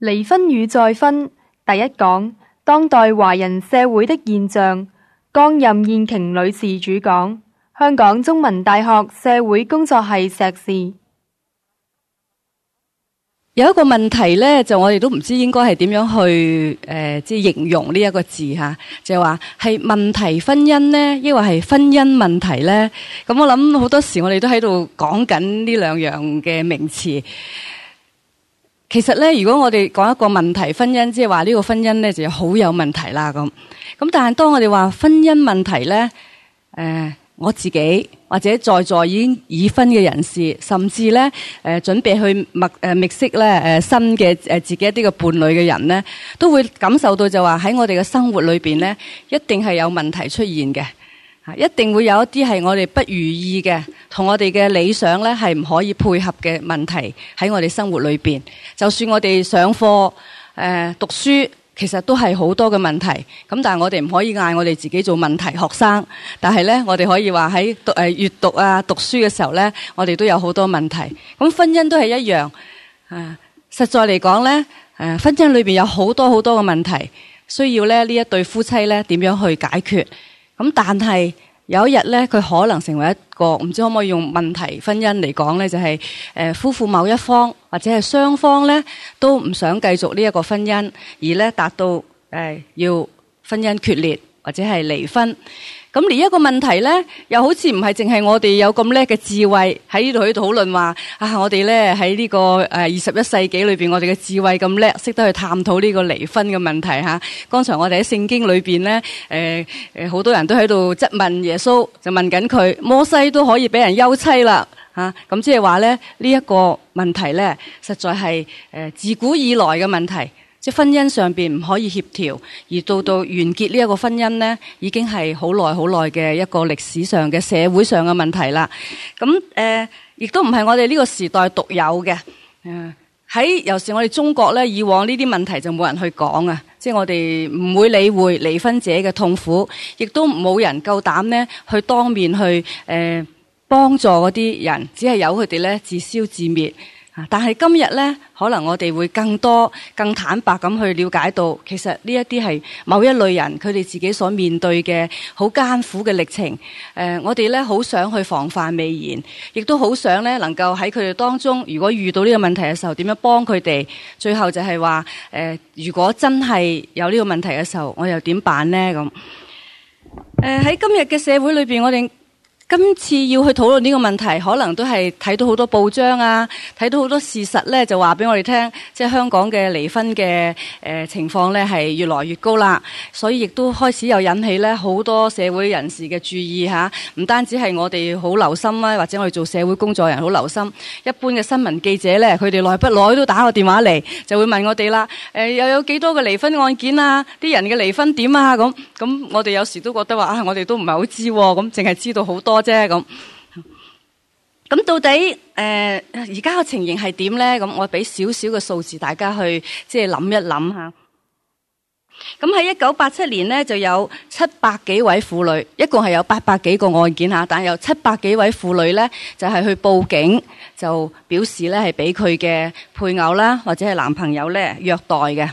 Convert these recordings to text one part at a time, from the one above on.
離婚與再婚，第一講，當代華人社會的現象。江任燕瓊女士主講，香港中文大學社會工作系碩士。有一個問題呢，就我哋都唔知應該係點樣去誒，即、呃、係形容呢一個字吓，就話、是、係問題婚姻呢，抑或係婚姻問題呢？咁我諗好多時我，我哋都喺度講緊呢兩樣嘅名詞。其實咧，如果我哋講一個問題婚姻，即係話呢個婚姻咧，就好有問題啦咁。咁但係當我哋話婚姻問題咧，誒、呃、我自己或者在座已經已婚嘅人士，甚至咧誒、呃、準備去密誒覓識咧誒新嘅自己一啲嘅伴侶嘅人咧，都會感受到就話喺我哋嘅生活裏面咧，一定係有問題出現嘅。一定會有一啲係我哋不如意嘅，同我哋嘅理想呢係唔可以配合嘅問題喺我哋生活裏邊。就算我哋上課誒、呃、讀書，其實都係好多嘅問題。咁但係我哋唔可以嗌我哋自己做問題學生。但係呢，我哋可以話喺讀誒閱讀啊讀書嘅時候呢，我哋都有好多問題。咁婚姻都係一樣。啊、呃，實在嚟講呢，誒、呃，婚姻裏邊有好多好多嘅問題，需要咧呢一對夫妻呢點樣去解決？咁但係有一日咧，佢可能成為一個唔知可唔可以用問題婚姻嚟講咧，就係誒夫婦某一方或者係雙方咧都唔想繼續呢一個婚姻，而咧達到誒要婚姻決裂或者係離婚。咁呢一個問題咧，又好似唔係淨係我哋有咁叻嘅智慧喺呢度去討論話啊！我哋咧喺呢個誒二十一世紀裏邊，我哋嘅智慧咁叻，識得去探討呢個離婚嘅問題嚇、啊。剛才我哋喺聖經裏邊咧，誒、誒、好多人都喺度質問耶穌，就問緊佢，摩西都可以俾人休妻啦嚇。咁即係話咧，呢一、呢個問題咧，實在係誒自古以來嘅問題。即婚姻上面唔可以協調，而到到完結呢一個婚姻呢，已經係好耐好耐嘅一個歷史上嘅社會上嘅問題啦。咁誒，亦都唔係我哋呢個時代獨有嘅。喺有時我哋中國呢，以往呢啲問題就冇人去講啊。即係我哋唔會理會離婚者嘅痛苦，亦都冇人夠膽呢去當面去誒、呃、幫助嗰啲人，只係由佢哋呢自消自滅。但係今日呢，可能我哋會更多、更坦白咁去了解到，其實呢一啲係某一類人佢哋自己所面對嘅好艱苦嘅歷程。誒、呃，我哋呢，好想去防範未然，亦都好想呢能夠喺佢哋當中，如果遇到呢個問題嘅時候，點樣幫佢哋？最後就係話，誒、呃，如果真係有呢個問題嘅時候，我又點辦呢？咁，誒、呃、喺今日嘅社會裏邊，我哋。今次要去討論呢個問題，可能都係睇到好多報章啊，睇到好多事實咧，就話俾我哋聽，即係香港嘅離婚嘅誒、呃、情況咧，係越來越高啦。所以亦都開始有引起咧好多社會人士嘅注意吓、啊，唔單止係我哋好留心啦、啊，或者我哋做社會工作人好留心。一般嘅新聞記者咧，佢哋耐不耐都打個電話嚟，就會問我哋啦。誒、呃、又有幾多個離婚案件啊？啲人嘅離婚點啊？咁咁，我哋有時都覺得話啊，我哋都唔係好知喎，咁淨係知道好、啊、多。啫、嗯、咁，咁到底誒而家嘅情形係點呢？咁我俾少少嘅數字，大家去即係諗一諗嚇。咁喺一九八七年呢，就有七百幾位婦女，一共係有八百幾個案件嚇，但係有七百幾位婦女呢，就係、係、去報警，就表示呢係俾佢嘅配偶啦，或者係男朋友呢虐待嘅。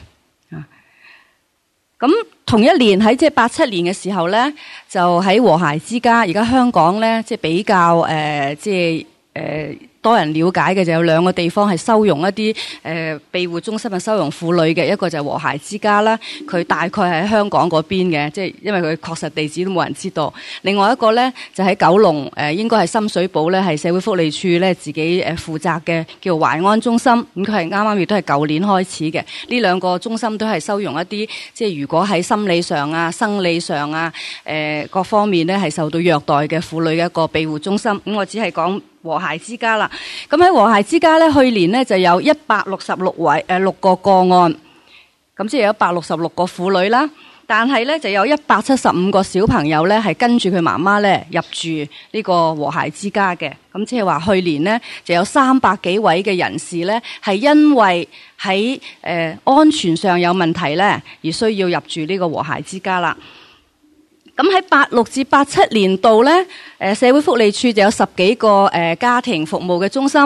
咁同一年喺即係八七年嘅時候呢，就喺和諧之家，而家香港呢即係比較誒即係誒。呃呃多人了解嘅就有兩個地方係收容一啲誒、呃、庇護中心啊，收容婦女嘅，一個就係和諧之家啦，佢大概係喺香港嗰邊嘅，即係因為佢確實地址都冇人知道。另外一個咧就喺、是、九龍誒、呃、應該係深水埗咧，係社會福利署咧自己誒負責嘅叫淮安中心，咁佢係啱啱亦都係舊年開始嘅。呢兩個中心都係收容一啲，即係如果喺心理上啊、生理上啊、誒、呃、各方面咧係受到虐待嘅婦女嘅一個庇護中心。咁、嗯、我只係講。和諧之家啦，咁喺和諧之家呢，去年呢就有一百六十六位誒、呃，六個個案，咁即係有一百六十六個婦女啦，但係呢就有一百七十五個小朋友呢係跟住佢媽媽呢入住呢個和諧之家嘅，咁即係話去年呢就有三百幾位嘅人士呢係因為喺誒、呃、安全上有問題呢而需要入住呢個和諧之家啦。咁喺八六至八七年度呢，誒社會福利處就有十幾個誒家庭服務嘅中心，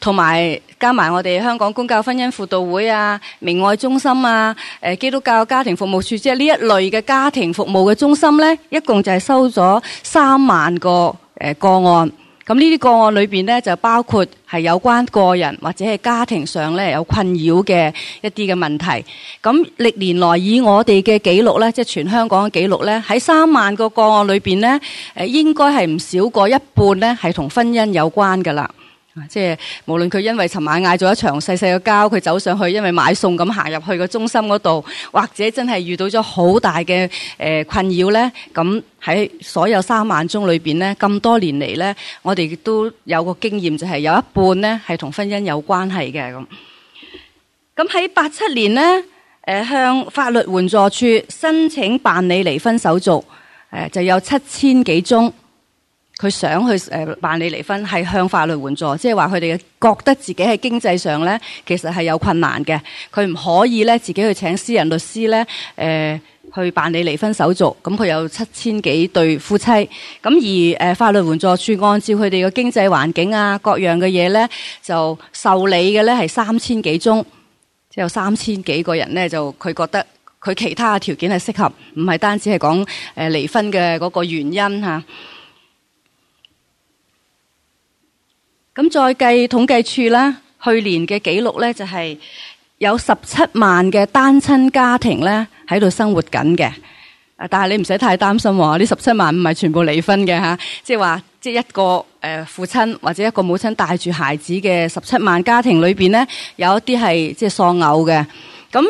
同埋加埋我哋香港公教婚姻輔導會啊、明愛中心啊、誒基督教家庭服務處，即係呢一類嘅家庭服務嘅中心呢，一共就係收咗三萬個誒個案。咁呢啲個案裏面呢，就包括係有關個人或者係家庭上呢有困擾嘅一啲嘅問題。咁歷年來以我哋嘅記錄呢，即係全香港嘅記錄呢，喺三萬個個案裏面呢，誒應該係唔少過一半呢係同婚姻有關㗎啦。即係無論佢因為尋晚嗌咗一場細細嘅交，佢走上去因為買餸咁，行入去個中心嗰度，或者真係遇到咗好大嘅誒困擾呢。咁喺所有三萬宗裏邊呢，咁多年嚟呢，我哋都有個經驗就係、是、有一半呢係同婚姻有關係嘅咁。咁喺八七年呢，誒向法律援助處申請辦理離婚手續，誒就有七千幾宗。佢想去誒辦理離婚，係向法律援助，即係話佢哋覺得自己喺經濟上咧，其實係有困難嘅，佢唔可以咧自己去請私人律師咧誒去辦理離婚手續。咁佢有七千幾對夫妻，咁而誒法律援助處按照佢哋嘅經濟環境啊，各樣嘅嘢咧就受理嘅咧係三千幾宗，即有三千幾個人咧就佢覺得佢其他嘅條件係適合，唔係單止係講誒離婚嘅嗰個原因嚇。咁再計統計處咧，去年嘅記錄咧就係有十七萬嘅單親家庭咧喺度生活緊嘅。啊，但係你唔使太擔心喎，呢十七萬唔係全部離婚嘅吓，即係話即係一個誒父親或者一個母親帶住孩子嘅十七萬家庭裏邊咧，有一啲係即係喪偶嘅。咁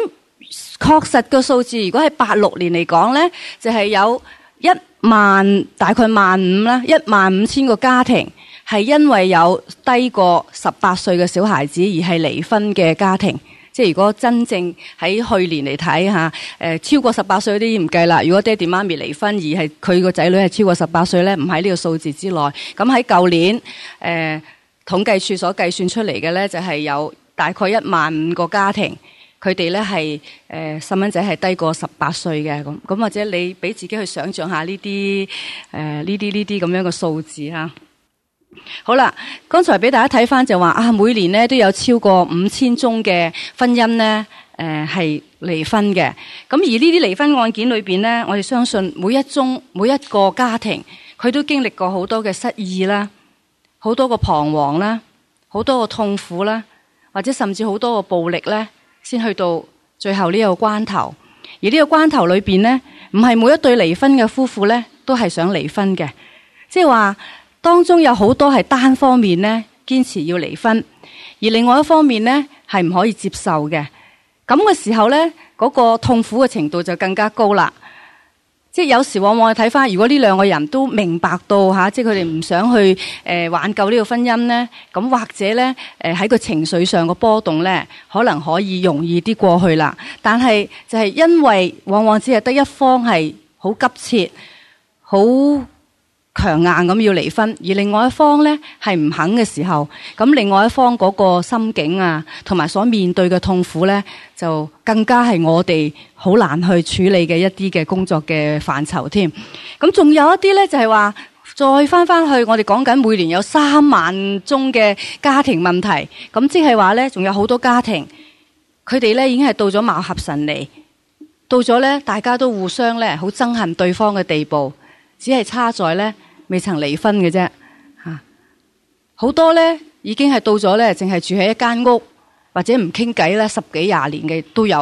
確實個數字，如果係八六年嚟講咧，就係有一萬大概萬五啦，一萬五千個家庭，係因為有低過十八歲嘅小孩子而係離婚嘅家庭，即係如果真正喺去年嚟睇吓，誒超過十八歲嗰啲唔計啦。如果爹哋媽咪離婚而係佢個仔女係超過十八歲咧，唔喺呢個數字之內。咁喺舊年，誒、呃、統計處所計算出嚟嘅咧，就係有大概一萬五個家庭，佢哋咧係誒細蚊仔係低過十八歲嘅咁。咁或者你俾自己去想像下呢啲誒呢啲呢啲咁樣嘅數字吓。好啦，剛才俾大家睇翻，就話啊，每年呢都有超過五千宗嘅婚姻呢誒係離婚嘅。咁而呢啲離婚案件裏邊呢，我哋相信每一宗每一個家庭，佢都經歷過好多嘅失意啦，好多嘅彷徨啦，好多嘅痛苦啦，或者甚至好多嘅暴力呢。先去到最後呢個關頭。而呢個關頭裏邊呢，唔係每一對離婚嘅夫婦呢都係想離婚嘅，即係話。當中有好多係單方面呢，堅持要離婚，而另外一方面呢，係唔可以接受嘅。咁嘅時候呢，嗰個痛苦嘅程度就更加高啦。即係有時往往睇翻，如果呢兩個人都明白到吓，即係佢哋唔想去誒、呃、挽救呢個婚姻呢，咁或者呢，誒、呃、喺個情緒上個波動呢，可能可以容易啲過去啦。但係就係因為往往只係得一方係好急切，好。強硬咁要離婚，而另外一方呢，係唔肯嘅時候，咁另外一方嗰個心境啊，同埋所面對嘅痛苦呢，就更加係我哋好難去處理嘅一啲嘅工作嘅範疇添。咁仲有一啲呢，就係、是、話，再翻翻去我，我哋講緊每年有三萬宗嘅家庭問題，咁即係話呢，仲有好多家庭，佢哋呢已經係到咗貌合神離，到咗呢，大家都互相呢，好憎恨對方嘅地步，只係差在呢。未曾離婚嘅啫，吓好多咧，已經係到咗咧，淨係住喺一間屋或者唔傾偈咧，十幾廿年嘅都有，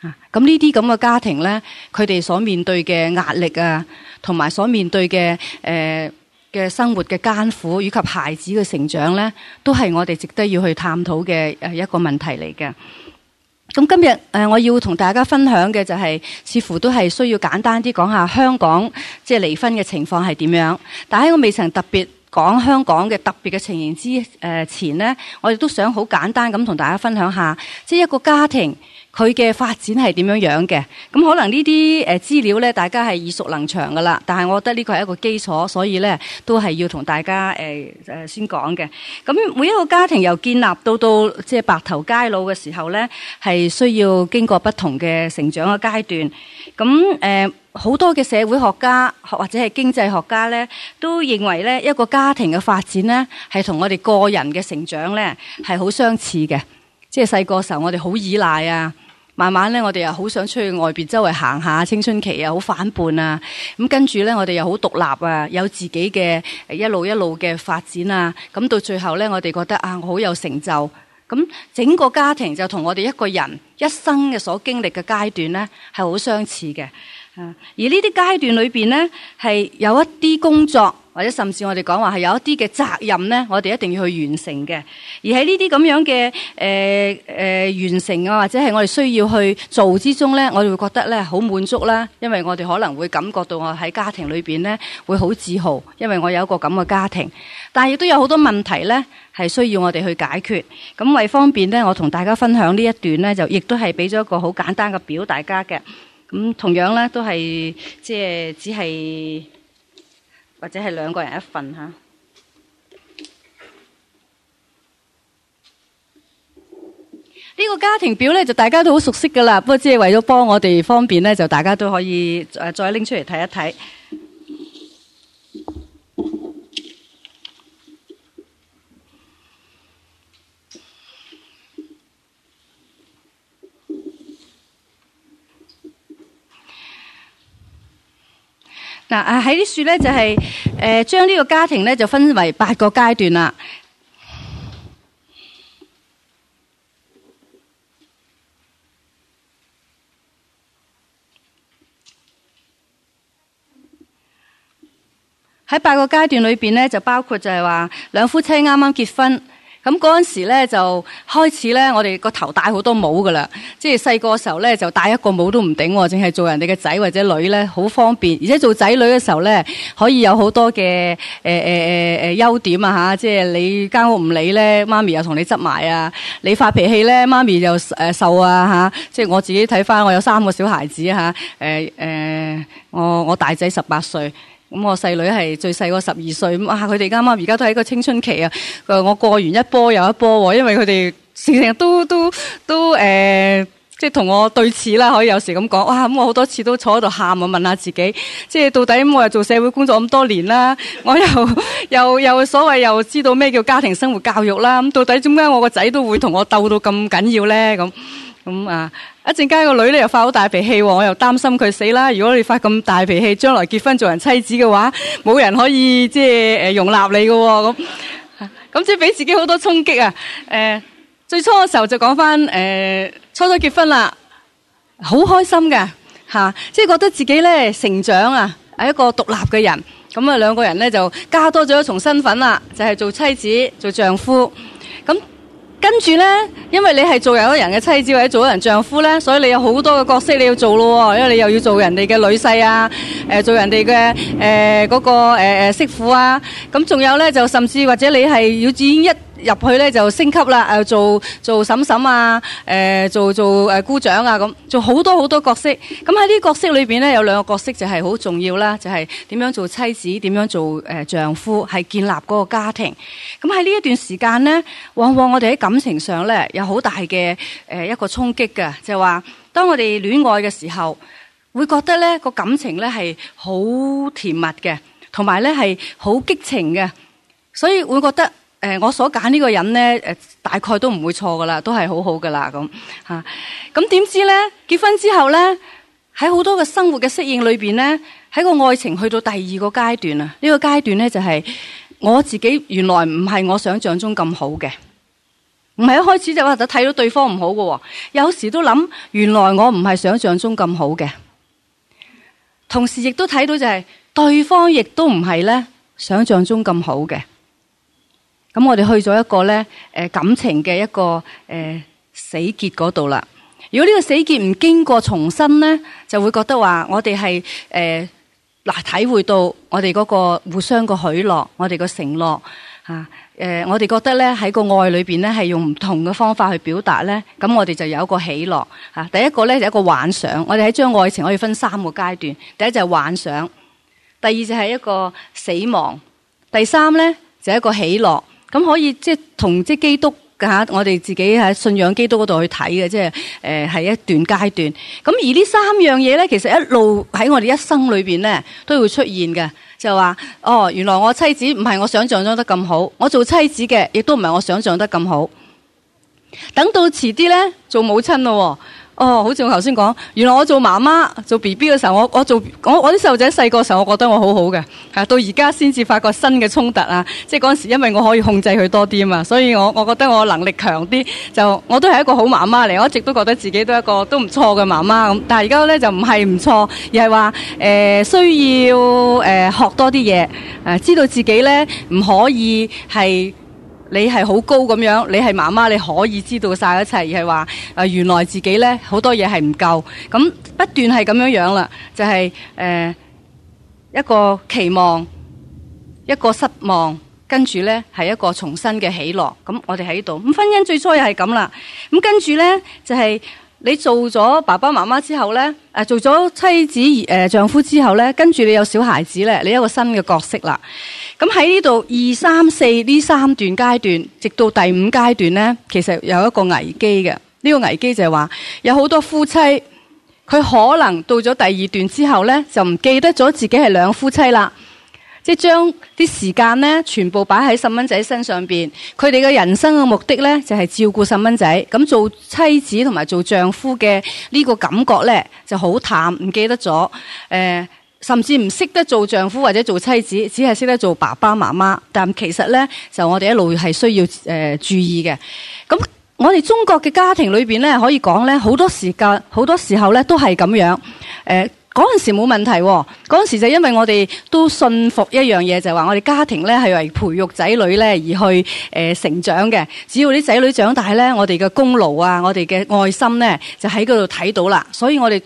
吓，咁呢啲咁嘅家庭咧，佢哋所面對嘅壓力啊，同埋所面對嘅誒嘅生活嘅艱苦，以及孩子嘅成長咧，都係我哋值得要去探討嘅誒一個問題嚟嘅。咁今日、呃、我要同大家分享嘅就係、是，似乎都係需要簡單啲講下香港即係、就是、離婚嘅情況係點樣。但喺我未曾特別講香港嘅特別嘅情形之誒前呢，我亦都想好簡單咁同大家分享下，即、就、係、是、一個家庭。佢嘅發展係點樣樣嘅？咁可能呢啲誒資料呢，大家係耳熟能詳㗎喇。但係我覺得呢個係一個基礎，所以呢都係要同大家誒先講嘅。咁每一個家庭由建立到到即係白頭偕老嘅時候呢，係需要經過不同嘅成長嘅階段。咁誒好多嘅社會學家或者係經濟學家呢，都認為呢一個家庭嘅發展呢，係同我哋個人嘅成長呢係好相似嘅。即係細個時候，我哋好依賴啊。慢慢咧，我哋又好想出去外邊周圍行下。青春期啊，好反叛啊。咁跟住咧，我哋又好獨立啊，有自己嘅一路一路嘅發展啊。咁到最後咧，我哋覺得啊，我好有成就。咁、嗯、整個家庭就同我哋一個人一生嘅所經歷嘅階段咧，係好相似嘅。啊！而呢啲階段裏邊呢，係有一啲工作，或者甚至我哋講話係有一啲嘅責任呢，我哋一定要去完成嘅。而喺呢啲咁樣嘅誒誒完成啊，或者係我哋需要去做之中呢，我哋會覺得呢，好滿足啦。因為我哋可能會感覺到我喺家庭裏邊呢，會好自豪，因為我有一個咁嘅家庭。但係亦都有好多問題呢係需要我哋去解決。咁為方便呢，我同大家分享呢一段呢，就亦都係俾咗一個好簡單嘅表大家嘅。咁同樣咧，都係即係只係或者係兩個人一份嚇。呢、這個家庭表咧，就大家都好熟悉㗎喇。不過，即係為咗幫我哋方便呢，就大家都可以誒再拎出嚟睇一睇。喺啲書咧就係誒將呢個家庭咧就分為八個階段啦。喺八個階段裏邊咧就包括就係話兩夫妻啱啱結婚。咁、嗯、嗰陣時咧就開始咧，我哋個頭戴好多帽噶啦，即係細個時候咧就戴一個帽都唔頂、啊，淨係做人哋嘅仔或者女咧好方便，而且做仔女嘅時候咧可以有好多嘅誒誒誒誒優點啊吓，即係你間屋唔理咧，媽咪又同你執埋啊，你發脾氣咧，媽咪又受、呃、啊吓，即係我自己睇翻，我有三個小孩子嚇、啊，誒、呃呃、我我大仔十八歲。咁我細女係最細個十二歲，咁啊佢哋啱啱而家都喺一個青春期啊！我過完一波又一波喎，因為佢哋成日都都都誒、呃，即係同我對峙啦，可以有時咁講哇！咁我好多次都坐喺度喊啊，問,問下自己，即係到底我又做社會工作咁多年啦，我又又又所謂又知道咩叫家庭生活教育啦，咁到底點解我個仔都會同我鬥到咁緊要咧？咁咁啊！一陣間個女咧又發好大脾氣喎，我又擔心佢死啦。如果你發咁大脾氣，將來結婚做人妻子嘅話，冇人可以即係誒容納你嘅喎咁。咁即係俾自己好多衝擊啊！誒、呃，最初嘅時候就講返誒，初初結婚啦，好開心嘅、啊、即係覺得自己咧成長啊，係一個獨立嘅人。咁啊，兩個人咧就加多咗一重身份啦，就係、是、做妻子、做丈夫。咁。跟住呢，因為你係做咗人嘅妻子或者做咗人丈夫呢，所以你有好多嘅角色你要做咯。因為你又要做人哋嘅女婿啊，誒、呃，做人哋嘅誒嗰個誒誒、呃、媳婦啊，咁、嗯、仲有呢，就甚至或者你係要演一。入去咧就升級啦，做做嬸嬸啊，誒、呃、做做誒、呃、姑丈啊，咁做好多好多角色。咁喺啲角色裏面咧，有兩個角色就係好重要啦，就係、是、點樣做妻子，點樣做誒、呃、丈夫，係建立嗰個家庭。咁喺呢一段時間咧，往往我哋喺感情上咧有好大嘅誒、呃、一個衝擊嘅，就話、是、當我哋戀愛嘅時候，會覺得咧、嗰個感情咧係好甜蜜嘅，同埋咧係好激情嘅，所以會覺得。誒、呃，我所揀呢個人呢，誒、呃，大概都唔會錯噶啦，都係好好噶啦咁吓。咁點、啊、知呢？結婚之後呢，喺好多嘅生活嘅適應裏邊呢，喺個愛情去到第二個階段啊，呢、這個階段呢，就係、是、我自己原來唔係我想象中咁好嘅，唔係一開始就話就睇到對方唔好喎，有時都諗原來我唔係想象中咁好嘅，同時亦都睇到就係、是、對方亦都唔係呢想象中咁好嘅。咁我哋去咗一個咧、呃，感情嘅一個，呃、死個死結嗰度啦。如果呢個死結唔經過重生咧，就會覺得話我哋係嗱體會到我哋嗰個互相嘅許諾，我哋個承諾、啊呃、我哋覺得咧喺個愛裏面咧係用唔同嘅方法去表達咧，咁我哋就有一個喜樂嚇、啊。第一個咧就係、一個幻想，我哋喺將愛情可以分三個階段，第一就係幻想，第二就係一個死亡，第三咧就係、一個喜樂。咁可以即係同即係基督嚇，我哋自己喺信仰基督嗰度去睇嘅，即係誒係一段階段。咁而呢三樣嘢咧，其實一路喺我哋一生裏面咧都會出現嘅，就話哦，原來我妻子唔係我想象中得咁好，我做妻子嘅亦都唔係我想象得咁好。等到遲啲咧，做母親咯喎。哦，好似我頭先講，原來我做媽媽做 BB 嘅時候，我我做我我啲細路仔細個時候，我覺得我好好嘅，啊，到而家先至發覺新嘅衝突啊！即係嗰陣時，因為我可以控制佢多啲啊嘛，所以我我覺得我能力強啲，就我都係一個好媽媽嚟，我一直都覺得自己都係一個都唔錯嘅媽媽咁。但係而家呢，就唔係唔錯，而係話、呃、需要誒、呃、學多啲嘢、啊，知道自己呢唔可以係。你係好高咁樣，你係媽媽，你可以知道晒一切。而係話原來自己咧好多嘢係唔夠，咁不斷係咁樣樣啦，就係、是、誒、呃、一個期望，一個失望，跟住咧係一個重新嘅喜樂。咁我哋喺度，咁婚姻最初又係咁啦，咁跟住咧就係、是。你做咗爸爸媽媽之後呢，做咗妻子誒、呃、丈夫之後呢，跟住你有小孩子呢，你有一個新嘅角色啦。咁喺呢度二三四呢三段階段，直到第五階段呢，其實有一個危機嘅。呢、呢個危機就係話有好多夫妻，佢可能到咗第二段之後呢，就唔記得咗自己係兩夫妻啦。即係將啲時間咧，全部擺喺細蚊仔身上邊。佢哋嘅人生嘅目的咧，就係、是、照顧細蚊仔。咁做妻子同埋做丈夫嘅呢個感覺咧，就好淡，唔記得咗。誒、呃，甚至唔識得做丈夫或者做妻子，只係識得做爸爸媽媽。但其實咧，就我哋一路係需要誒、呃、注意嘅。咁我哋中國嘅家庭裏邊咧，可以講咧，好多時間，好多時候咧，都係咁樣。誒、呃。嗰陣時冇問題，嗰陣時就因為我哋都信服一樣嘢，就係話我哋家庭呢係為培育仔女呢而去誒成長嘅。只要啲仔女長大呢，我哋嘅功勞啊，我哋嘅愛心呢，就喺嗰度睇到啦。所以我哋。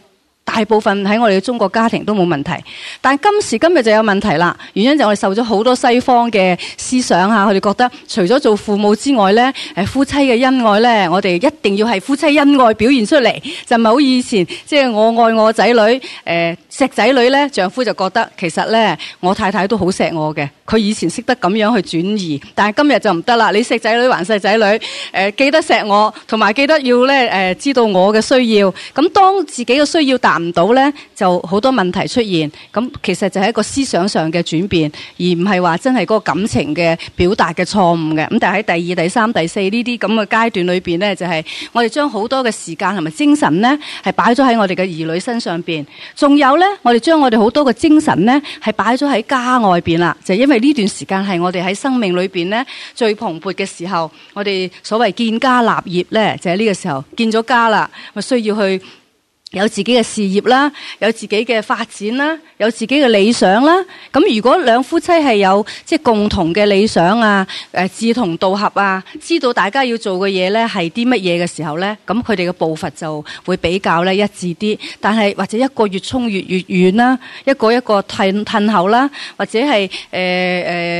大部分喺我哋嘅中國家庭都冇問題，但今時今日就有問題啦。原因就我哋受咗好多西方嘅思想吓，佢哋覺得除咗做父母之外咧，誒夫妻嘅恩愛咧，我哋一定要係夫妻恩愛表現出嚟，就唔係好以前即係、就是、我愛我仔女。誒、呃，錫仔女咧，丈夫就覺得其實咧，我太太都好錫我嘅。佢以前識得咁樣去轉移，但係今日就唔得啦。你錫仔女還錫仔女，誒、呃、記得錫我，同埋記得要咧誒、呃、知道我嘅需要。咁當自己嘅需要達唔到呢，就好多問題出現。咁其實就係一個思想上嘅轉變，而唔係話真係嗰個感情嘅表達嘅錯誤嘅。咁但係喺第二、第三、第四呢啲咁嘅階段裏邊呢，就係、是、我哋將好多嘅時間同埋精神呢，係擺咗喺我哋嘅兒女身上邊。仲有呢，我哋將我哋好多嘅精神呢，係擺咗喺家外邊啦。就是、因為呢段時間係我哋喺生命裏邊呢，最蓬勃嘅時候，我哋所謂建家立業呢，就喺、是、呢個時候建咗家啦，咪需要去。有自己嘅事業啦，有自己嘅發展啦，有自己嘅理想啦。咁如果兩夫妻係有即係共同嘅理想啊，誒志同道合啊，知道大家要做嘅嘢咧係啲乜嘢嘅時候咧，咁佢哋嘅步伐就會比較咧一致啲。但係或者一個越衝越越遠啦，一個一個褪褪後啦，或者係誒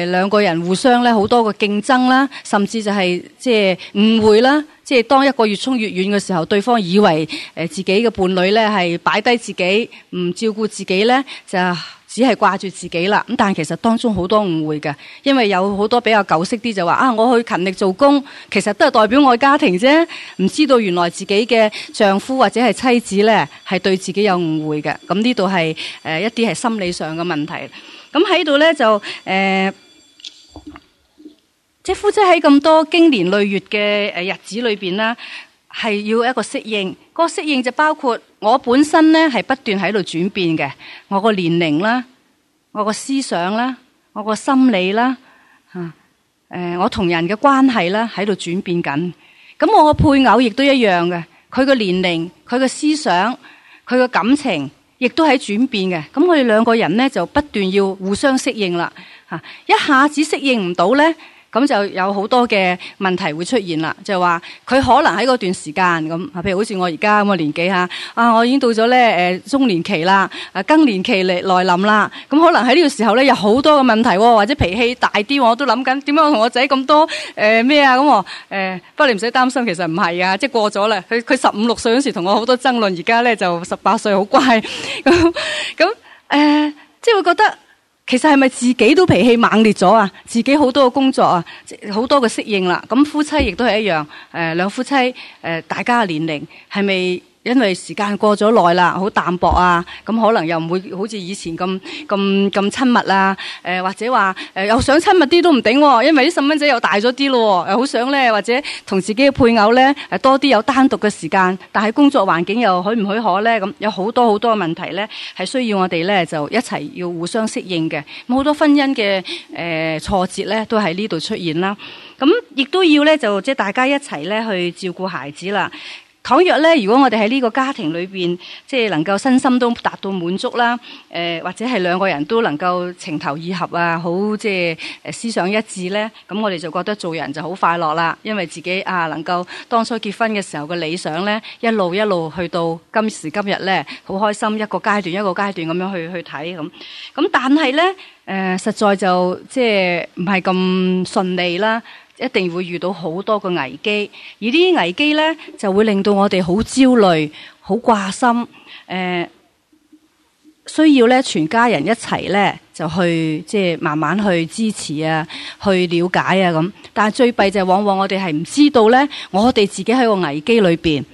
誒兩個人互相咧好多嘅競爭啦，甚至就係即係誤會啦。即係當一個越衝越遠嘅時候，對方以為誒自己嘅伴侶咧係擺低自己，唔照顧自己咧，就只係掛住自己啦。咁但係其實當中好多誤會嘅，因為有好多比較舊式啲就話啊，我去勤力做工，其實都係代表我家庭啫，唔知道原來自己嘅丈夫或者係妻子咧係對自己有誤會嘅。咁呢度係誒一啲係心理上嘅問題。咁喺度咧就誒。呃即係夫妻喺咁多經年累月嘅誒日子裏邊啦，係要一個適應。個適應就包括我本身咧，係不斷喺度轉變嘅，我個年齡啦，我個思想啦，我個心理啦，吓，誒，我同人嘅關係啦喺度轉變緊。咁我個配偶亦都一樣嘅，佢個年齡、佢個思想、佢個感情，亦都喺轉變嘅。咁我哋兩個人咧就不斷要互相適應啦。吓，一下子適應唔到咧。咁就有好多嘅問題會出現啦，就係話佢可能喺嗰段時間咁啊，譬如好似我而家咁嘅年紀下啊，我已經到咗咧、呃、中年期啦，啊更年期嚟來臨啦，咁、嗯、可能喺呢個時候咧有好多嘅問題喎、哦，或者脾氣大啲，我都諗緊點解我同我仔咁多誒咩、呃、啊咁我、呃、不過你唔使擔心，其實唔係啊，即係過咗啦，佢佢十五六歲嗰時同我好多爭論，而家咧就十八歲好乖咁咁誒，即係會覺得。其實係咪自己都脾氣猛烈咗啊？自己好多嘅工作啊，好多嘅適應啦。咁夫妻亦都係一樣。誒、呃、兩夫妻誒、呃，大家嘅年齡係咪？是因為時間過咗耐啦，好淡薄啊！咁可能又唔會好似以前咁咁咁親密啦、啊。誒、呃、或者話、呃、又想親密啲都唔頂喎、哦，因為啲細蚊仔又大咗啲咯，又好想咧，或者同自己嘅配偶咧、呃、多啲有單獨嘅時間，但係工作環境又許唔許可咧？咁有好多好多問題咧，係需要我哋咧就一齊要互相適應嘅。咁好多婚姻嘅誒、呃、挫折咧，都喺呢度出現啦。咁亦都要咧就即係大家一齊咧去照顧孩子啦。倘若咧，如果我哋喺呢個家庭裏邊，即係能夠身心都達到滿足啦，誒、呃、或者係兩個人都能夠情投意合啊，好即係思想一致咧，咁我哋就覺得做人就好快樂啦，因為自己啊能夠當初結婚嘅時候嘅理想咧，一路一路去到今時今日咧，好開心一個階段一個階段咁樣去去睇咁，咁但係咧誒，實在就即係唔係咁順利啦。一定會遇到好多個危機，而啲危機咧就會令到我哋好焦慮、好掛心。誒、呃，需要咧全家人一齊咧就去即係、就是、慢慢去支持啊、去了解啊咁。但係最弊就係往往我哋係唔知道咧，我哋自己喺個危機裏邊，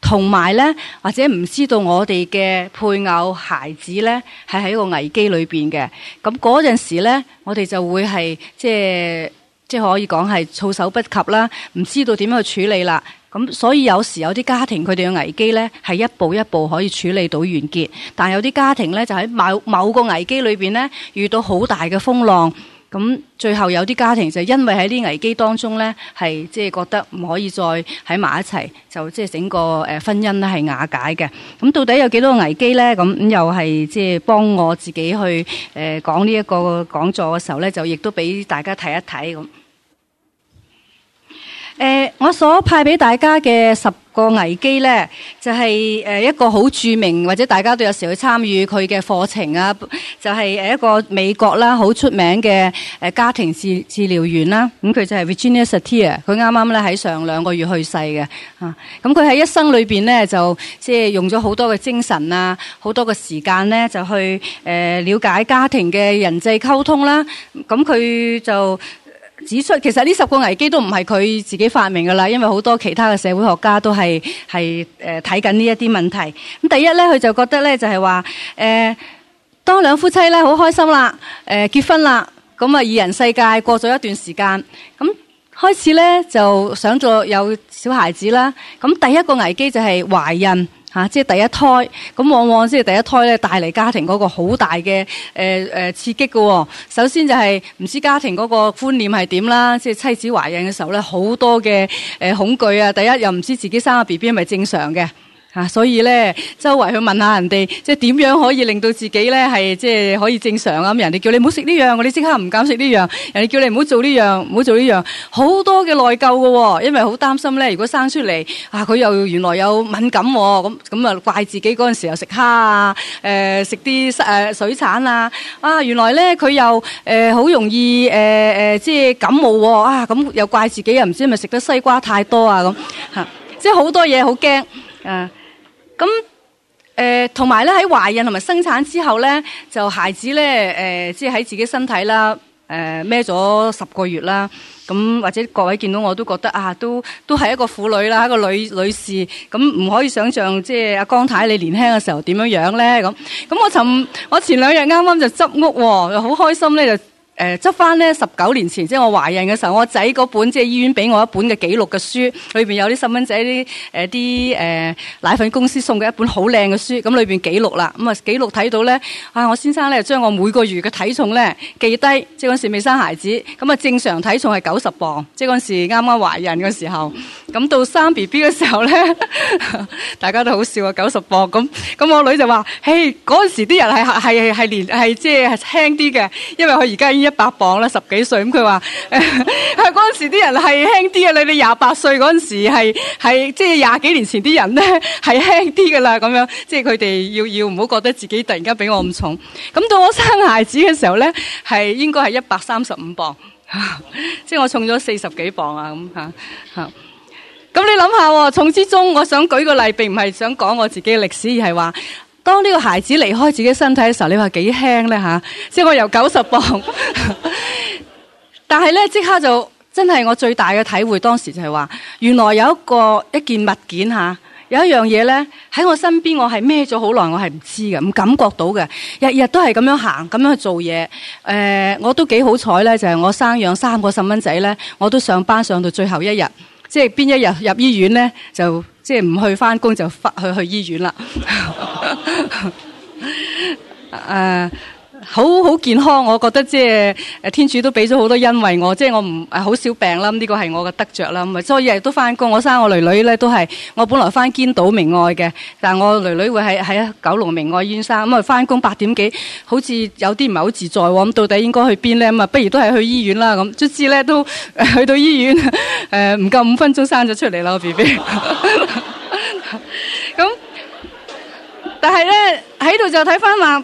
同埋咧或者唔知道我哋嘅配偶、孩子咧係喺個危機裏邊嘅。咁嗰陣時咧，我哋就會係即係，就是即係可以講係措手不及啦，唔知道點樣去處理啦。咁所以有時有啲家庭佢哋嘅危機呢係一步一步可以處理到完結，但係有啲家庭呢，就喺某某個危機裏邊呢，遇到好大嘅風浪。咁最後有啲家庭就因為喺啲危機當中呢，係即係覺得唔可以再喺埋一齊，就即係整個誒婚姻呢係瓦解嘅。咁到底有幾多個危機呢？咁咁又係即係幫我自己去誒講呢一個講座嘅時候呢，就亦都俾大家睇一睇咁。誒、呃，我所派俾大家嘅十個危機咧，就係、是、一個好著名或者大家都有時去參與佢嘅課程啊，就係、是、一個美國啦好出名嘅誒家庭治治療員啦。咁、嗯、佢就係 Virginia Satir，佢啱啱咧喺上兩個月去世嘅嚇。咁佢喺一生裏面咧，就即係用咗好多嘅精神啊，好多嘅時間咧，就去誒了解家庭嘅人際溝通啦、啊。咁、嗯、佢就指出其實呢十個危機都唔係佢自己發明㗎啦，因為好多其他嘅社會學家都係係誒睇緊呢一啲問題。咁第一咧，佢就覺得咧就係話誒，當兩夫妻咧好開心啦，誒、呃、結婚啦，咁啊二人世界過咗一段時間，咁開始咧就想做有小孩子啦。咁第一個危機就係懷孕。嚇、啊！即係第一胎，咁往往即係第一胎咧，帶嚟家庭嗰個好大嘅誒、呃呃、刺激嘅、哦。首先就係唔知家庭嗰個觀念係點啦，即係妻子懷孕嘅時候咧，好多嘅、呃、恐懼啊！第一又唔知自己生個 BB 係咪正常嘅。嚇！所以咧，周圍去問下人哋，即係點樣可以令到自己咧係即係可以正常啊？咁人哋叫你唔好食呢樣，我哋即刻唔敢食呢樣。人哋叫你唔好做呢樣，唔好做呢樣，好多嘅內疚嘅喎。因為好擔心咧，如果生出嚟啊，佢又原來有敏感咁咁啊，怪自己嗰陣時又食蝦啊，誒食啲誒水產啊。啊，原來咧佢又誒好容易誒誒，即係感冒喎。啊，咁又怪自己又唔知係咪食得西瓜太多啊咁嚇，即係好多嘢好驚啊！咁誒同埋咧喺懷孕同埋生產之後咧，就孩子咧誒，即係喺自己身體啦，誒孭咗十個月啦。咁或者各位見到我都覺得啊，都都係一個婦女啦，一個女女士。咁唔可以想像，即係阿江太你年輕嘅時候點樣樣咧？咁咁我尋我前兩日啱啱就執屋，哦，又好開心咧就～誒執翻咧十九年前，即係我懷孕嘅時候，我仔嗰本即係醫院俾我一本嘅記錄嘅書，裏面有啲細蚊仔啲誒啲誒奶粉公司送嘅一本好靚嘅書，咁裏面記錄啦，咁啊記錄睇到咧，啊我先生咧將我每個月嘅體重咧記低，即係嗰時未生孩子，咁啊正常體重係九十磅，即係嗰時啱啱懷孕嘅時候。咁到生 B B 嘅時候咧，大家都好笑啊！九十磅咁，咁我女就話，嘿嗰陣時啲人係係係連係即係輕啲嘅，因為佢而家已經一百磅啦，十幾歲咁佢話，係欸，嗰陣時啲人係輕啲嘅，你哋廿八歲嗰陣時係係即係廿幾年前啲人咧係輕啲嘅啦，咁樣即係佢哋要要唔好覺得自己突然間俾我咁重。咁到我生孩子嘅時候咧，係應該係一百三十五磅，即係我重咗四十幾磅啊咁嚇嚇咁你諗下，從之中我想舉個例，並唔係想講我自己嘅歷史，而係話，當呢個孩子離開自己身體嘅時候，你話幾輕呢？吓？即係我由九十磅，但係呢，即刻就真係我最大嘅體會，當時就係話，原來有一個一件物件吓、啊，有一樣嘢呢，喺我身邊，我係孭咗好耐，我係唔知嘅，唔感覺到嘅，日日都係咁樣行，咁樣去做嘢。誒、呃，我都幾好彩呢，就係、是、我生養三個細蚊仔呢，我都上班上到最後一日。即係邊一日入，入醫院呢，就即係唔去返工，就返去去醫院啦。 啊好好健康，我覺得即係誒天主都俾咗好多恩惠我，即係我唔誒好少病啦。呢、呢個係我嘅得着啦。咁啊，所以日日都翻工。我生我女女咧都係我本來翻堅島明愛嘅，但係我女女會喺喺九龍明愛醫院生。咁啊翻工八點幾，好似有啲唔係好自在喎。咁到底應該去邊咧？咁啊，不如都係去醫院啦。咁卒之咧都、呃、去到醫院誒，唔、呃、夠五分鐘生咗出嚟啦，B B。咁， 但係咧喺度就睇翻話。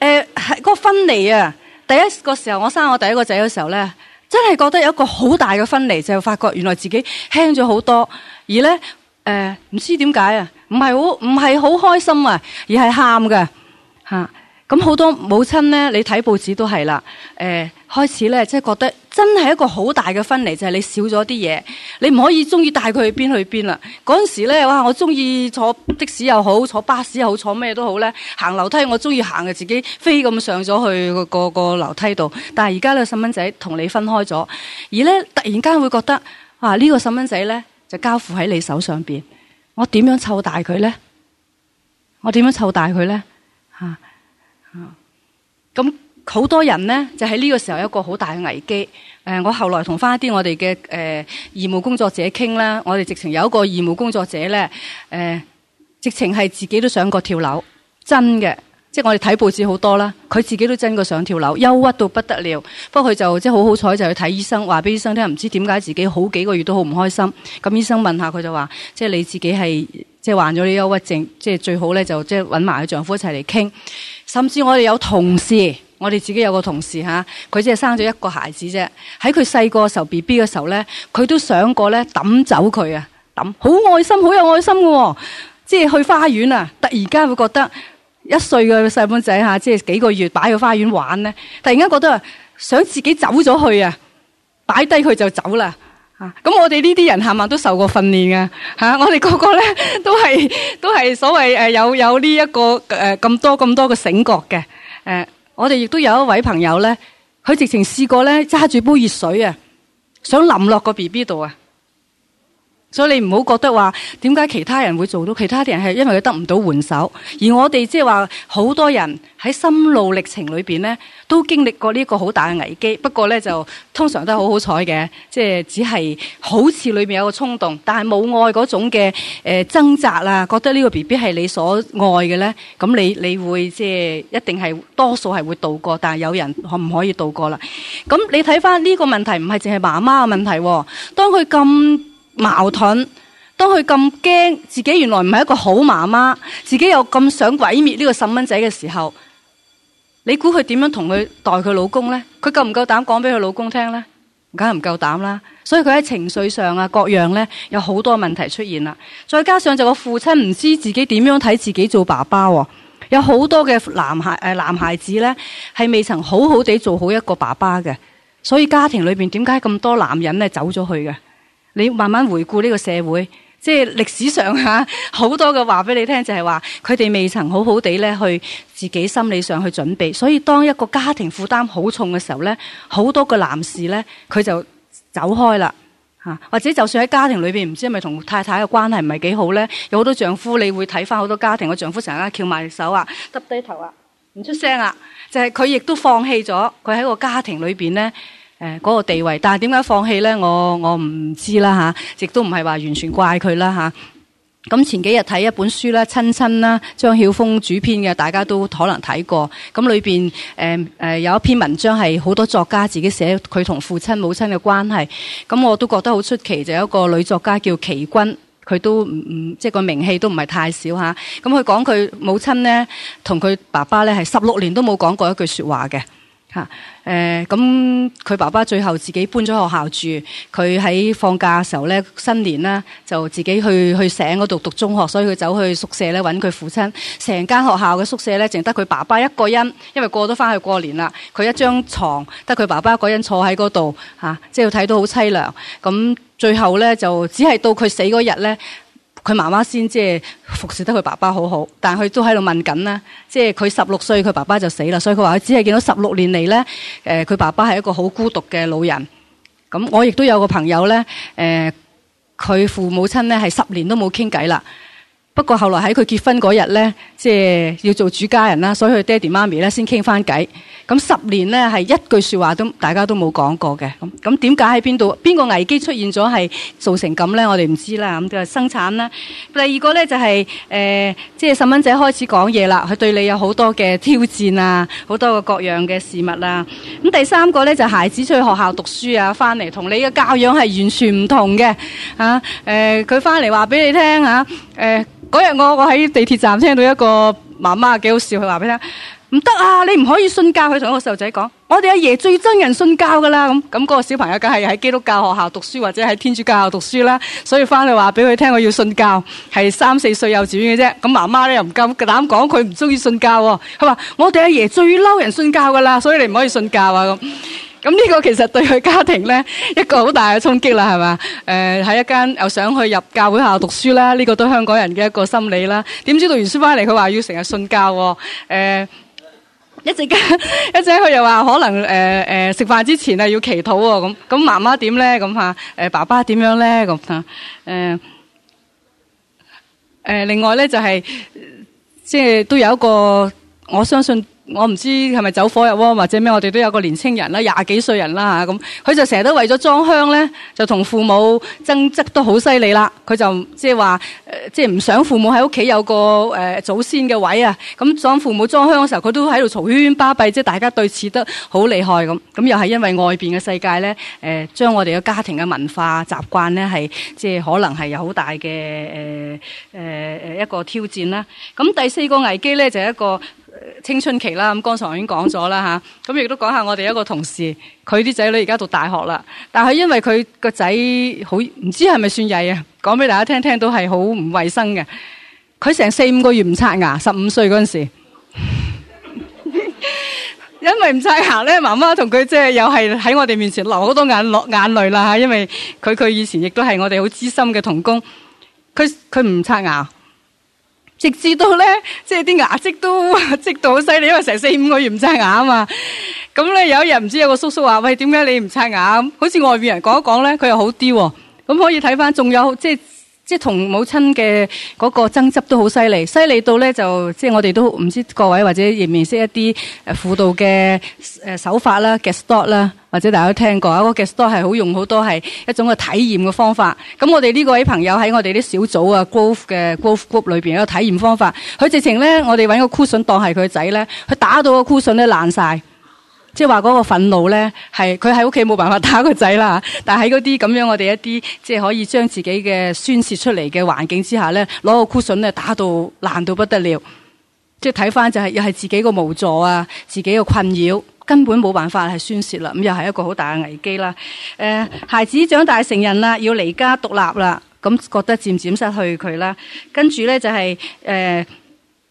誒係嗰個分離啊！第一個時候，我生我第一個仔嘅時候咧，真係覺得有一個好大嘅分離，就係發覺原來自己輕咗好多，而咧誒唔知點解啊，唔係好唔係好開心啊，而係喊嘅嚇咁好多母親咧，你睇報紙都係啦。誒，開始咧，即係覺得真係一個好大嘅分離，就係你少咗啲嘢，你唔可以中意帶佢去邊去邊啦。嗰陣時咧，哇！我中意坐的士又好，坐巴士又好，坐咩都好咧。行樓梯我中意行嘅自己飛咁上咗去個個個樓梯度。但係而家咧，細蚊仔同你分開咗，而咧突然間會覺得啊，呢個細蚊仔咧就交付喺你手上邊，我點樣湊大佢咧？我點樣湊大佢咧？啊。咁、嗯、好多人呢，就喺呢個時候有一個好大嘅危機。誒、呃，我後來同翻一啲我哋嘅誒義務工作者傾啦，我哋直情有一個義務工作者呢，誒、呃，直情係自己都想過跳樓，真嘅。即係我哋睇報紙好多啦，佢自己都真過想跳樓，憂鬱到不得了。不過佢就即係好好彩，就去睇醫生，話俾醫生聽，唔知點解自己好幾個月都好唔開心。咁醫生問下佢就話，即係你自己係即係患咗啲憂鬱症，即係最好呢，就即係揾埋佢丈夫一齊嚟傾。甚至我哋有同事，我哋自己有個同事吓，佢只係生咗一個孩子啫。喺佢細個時候 BB 嘅時候咧，佢都想過咧抌走佢啊，抌好愛心，好有愛心嘅喎。即係去花園啊，突然間會覺得一歲嘅細蚊仔吓，即係幾個月擺去花園玩咧，突然間覺得啊，想自己走咗去啊，擺低佢就走啦。咁我哋呢啲人下下都受過訓練嘅、啊、吓、啊，我哋個個咧都係都係所謂誒有有呢一個誒咁、呃、多咁多嘅醒覺嘅誒、呃，我哋亦都有一位朋友咧，佢直情試過咧揸住杯熱水啊，想淋落個 BB 度啊。所以你唔好覺得話點解其他人會做到，其他啲人係因為佢得唔到援手，而我哋即係話好多人喺心路歷程裏邊咧，都經歷過呢個好大嘅危機。不過咧，就通常都係、就是、好好彩嘅，即係只係好似裏邊有個衝動，但係冇愛嗰種嘅誒、呃、掙扎啦、啊，覺得呢個 B B 係你所愛嘅咧，咁你你會即係、就是、一定係多數係會度過，但係有人可唔可以度過啦？咁你睇翻呢個問題，唔係淨係媽媽嘅問題喎、啊，當佢咁。矛盾，當佢咁驚自己原來唔係一個好媽媽，自己又咁想毀滅呢個細蚊仔嘅時候，你估佢點樣同佢待佢老公呢？佢夠唔夠膽講俾佢老公聽呢？梗係唔夠膽啦！所以佢喺情緒上啊各樣呢，有好多問題出現啦。再加上就個父親唔知自己點樣睇自己做爸爸喎、啊，有好多嘅男孩誒男孩子呢，係未曾好好地做好一個爸爸嘅，所以家庭裏邊點解咁多男人呢走咗去嘅？你慢慢回顧呢個社會，即係歷史上嚇好多嘅話俾你聽，就係話佢哋未曾好好地咧去自己心理上去準備。所以當一個家庭負擔好重嘅時候咧，好多個男士咧佢就走開啦嚇，或者就算喺家庭裏邊，唔知係咪同太太嘅關係唔係幾好咧，有好多丈夫你會睇翻好多家庭嘅丈夫成日咧翹埋手啊、耷低頭啊、唔出聲啊，就係佢亦都放棄咗佢喺個家庭裏邊咧。誒，嗰個地位，但係點解放棄呢？我我唔知啦嚇，亦都唔係話完全怪佢啦嚇。咁前幾日睇一本書啦，親親啦，張曉風主編嘅，大家都可能睇過。咁裏面誒有一篇文章係好多作家自己寫佢同父親、母親嘅關係。咁我都覺得好出奇，就有一個女作家叫琦君，佢都唔唔即係個名氣都唔係太少嚇。咁佢講佢母親呢，同佢爸爸咧係十六年都冇講過一句說話嘅。嚇、嗯！咁，佢爸爸最後自己搬咗學校住。佢喺放假嘅時候咧，新年啦，就自己去去醒嗰度讀中學，所以佢走去宿舍咧，揾佢父親。成間學校嘅宿舍咧，淨得佢爸爸一個人，因為過咗翻去過年啦。佢一張床，得佢爸爸一個人坐喺嗰度嚇，即係睇到好淒涼。咁最後咧，就只係到佢死嗰日咧。佢媽媽先即係服侍得佢爸爸好好，但佢都喺度問緊啦。即係佢十六歲，佢爸爸就死啦，所以佢話佢只係見到十六年嚟咧。誒，佢爸爸係一個好孤獨嘅老人。咁、嗯、我亦都有個朋友咧，誒、呃，佢父母親咧係十年都冇傾偈啦。不過後來喺佢結婚嗰日咧，即係要做主家人啦，所以佢爹哋媽咪咧先傾翻偈。咁十年咧係一句說話都大家都冇講過嘅。咁咁點解喺邊度？邊個危機出現咗係造成咁咧？我哋唔知啦。咁就生產啦。第二個咧就係誒，即係細蚊仔開始講嘢啦。佢對你有好多嘅挑戰啊，好多嘅各樣嘅事物啦。咁第三個咧就係孩子出去學校讀書啊，翻嚟同你嘅教養係完全唔同嘅。嚇誒，佢翻嚟話俾你聽嚇誒。嗰日我我喺地鐵站聽到一個媽媽幾好笑，佢話俾你聽唔得啊，你唔可以信教。佢同一個細路仔講：我哋阿爺最憎人信教噶啦。咁咁嗰個小朋友梗係喺基督教學校讀書或者喺天主教學校讀書啦。所以翻去話俾佢聽，我要信教，係三四歲幼稚園嘅啫。咁媽媽咧又唔夠膽講，佢唔中意信教。佢話我哋阿爺最嬲人信教噶啦，所以你唔可以信教啊咁。咁呢個其實對佢家庭咧一個好大嘅衝擊啦，係嘛？誒、呃，喺一間又想去入教會學校讀書啦，呢、這個都香港人嘅一個心理啦。點知讀完書翻嚟，佢話要成日信教、哦，誒、呃，一陣間一陣佢又話可能誒誒食飯之前啊要祈禱、哦、啊，咁咁媽媽點咧？咁吓誒，爸爸點樣咧？咁吓誒誒，另外咧就係即係都有一個我相信。我唔知係咪走火入窩或者咩，我哋都有個年青人啦，廿幾歲人啦嚇咁，佢就成日都為咗裝香咧，就同父母爭執都好犀利啦。佢就即係話，即係唔想父母喺屋企有個誒祖先嘅位啊。咁裝父母裝香嘅時候，佢都喺度嘈喧巴閉，即係大家對峙得好厲害咁。咁又係因為外邊嘅世界咧，誒將我哋嘅家庭嘅文化習慣咧，係即係可能係有好大嘅誒一個挑戰啦。咁第四個危機咧就係一個。青春期啦，咁剛才我已經講咗啦吓，咁亦都講下我哋一個同事，佢啲仔女而家讀大學啦，但係因為佢個仔好唔知係咪算曳啊，講俾大家聽，聽到係好唔衛生嘅，佢成四五個月唔刷牙，十五歲嗰陣時 因媽媽，因為唔刷牙咧，媽媽同佢即係又係喺我哋面前流好多眼落眼淚啦吓，因為佢佢以前亦都係我哋好資深嘅童工，佢佢唔刷牙。直至到咧，即係啲牙積都積到好犀利，因為成四五個月唔刷牙啊嘛。咁咧有，有一日唔知有個叔叔話：喂，點解你唔刷牙？好似外面人講一講咧，佢又好啲喎、哦。咁可以睇翻，仲有即係。即係即係同母親嘅嗰個爭執都好犀利，犀利到咧就即係我哋都唔知各位或者認唔認識一啲誒輔導嘅手法啦，e Gestalt 啦，或者大家都聽過啊、嗰個 Gestalt 係好用好多係一種嘅體驗嘅方法。咁我哋呢位朋友喺我哋啲小組啊 growth 嘅 growth group 裏面，有一個體驗方法，佢直情咧我哋搵個 cushion 當係佢仔咧，佢打到個 cushion 都爛晒。即係話嗰個憤怒咧，係佢喺屋企冇辦法打個仔啦，但係喺嗰啲咁樣我哋一啲即係可以將自己嘅宣泄出嚟嘅環境之下咧，攞個 cushion 呢咧打到爛到不得了。即係睇翻就係、是就是、又係自己個無助啊，自己個困擾，根本冇辦法係宣泄啦。咁又係一個好大嘅危機啦。誒、呃，孩子長大成人啦，要離家獨立啦，咁覺得漸漸失去佢啦。跟住咧就係、是、誒，即、呃、係、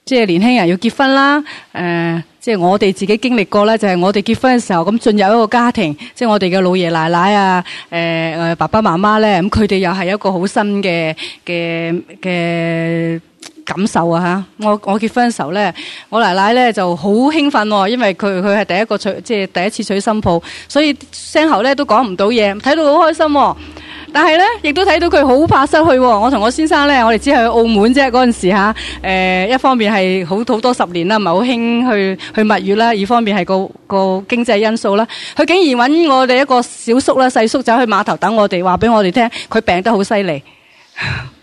就是、年輕人要結婚啦，誒、呃。即係我哋自己經歷過咧，就係、是、我哋結婚嘅時候，咁進入一個家庭，即係我哋嘅老爺奶奶啊，誒、呃、誒爸爸媽媽咧，咁佢哋又係一個好新嘅嘅嘅。感受啊吓！我我結婚嘅時候咧，我奶奶咧就好興奮，啊，因為佢佢係第一個娶，即係第一次娶新抱，所以聲喉咧都講唔到嘢，睇到好開心，啊。但係咧，亦都睇到佢好怕失去，啊。我同我先生咧，我哋只係去澳門啫，嗰陣時吓、啊，誒、呃，一方面係好好多十年啦，唔係好興去去蜜月啦，二方面係個個經濟因素啦。佢竟然搵我哋一個小叔啦、細叔走去碼頭等我哋，話俾我哋聽，佢病得好犀利。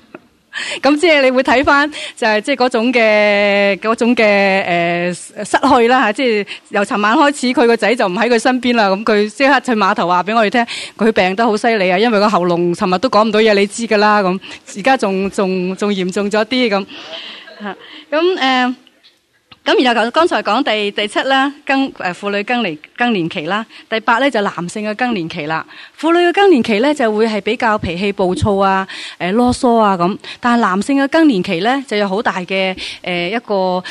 咁即係你會睇返就係即係嗰種嘅嗰種嘅誒、呃、失去啦吓，即係由尋晚開始佢個仔就唔喺佢身邊啦，咁佢即刻去碼頭話俾我哋聽，佢病得好犀利啊，因為個喉嚨尋日都講唔到嘢，你知噶啦咁，而家仲仲仲嚴重咗啲咁吓，咁誒。咁然後就剛才講第第七啦，更誒婦女更年更年期啦，第八咧就男性嘅更年期啦。婦女嘅更年期咧就會係比較脾氣暴躁啊，誒囉嗦啊咁。但係男性嘅更年期咧就有好大嘅誒、呃、一個誒誒、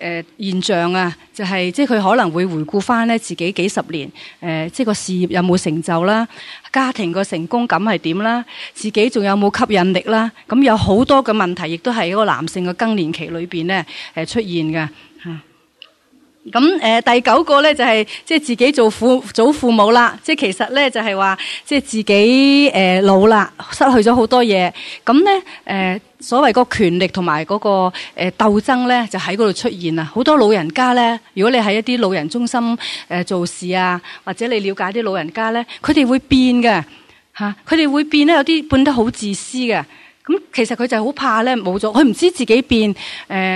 呃呃、現象啊，就係、是、即係佢可能會回顧翻咧自己幾十年誒、呃，即係個事業有冇成就啦、啊。家庭個成功感係點啦？自己仲有冇吸引力啦？咁有好多嘅問題，亦都喺個男性嘅更年期裏面呢出現㗎。咁誒、呃、第九個咧就係即係自己做父祖父母啦，即係其實咧就係、係、話即係自己誒、呃、老啦，失去咗好多嘢。咁咧誒所謂個權力同埋嗰個誒鬥、呃、爭咧，就喺嗰度出現啦。好多老人家咧，如果你喺一啲老人中心誒、呃、做事啊，或者你了解啲老人家咧，佢哋會變嘅吓，佢哋會變咧，有啲變得好自私嘅。咁其實佢就好怕咧冇咗，佢唔知自己變誒，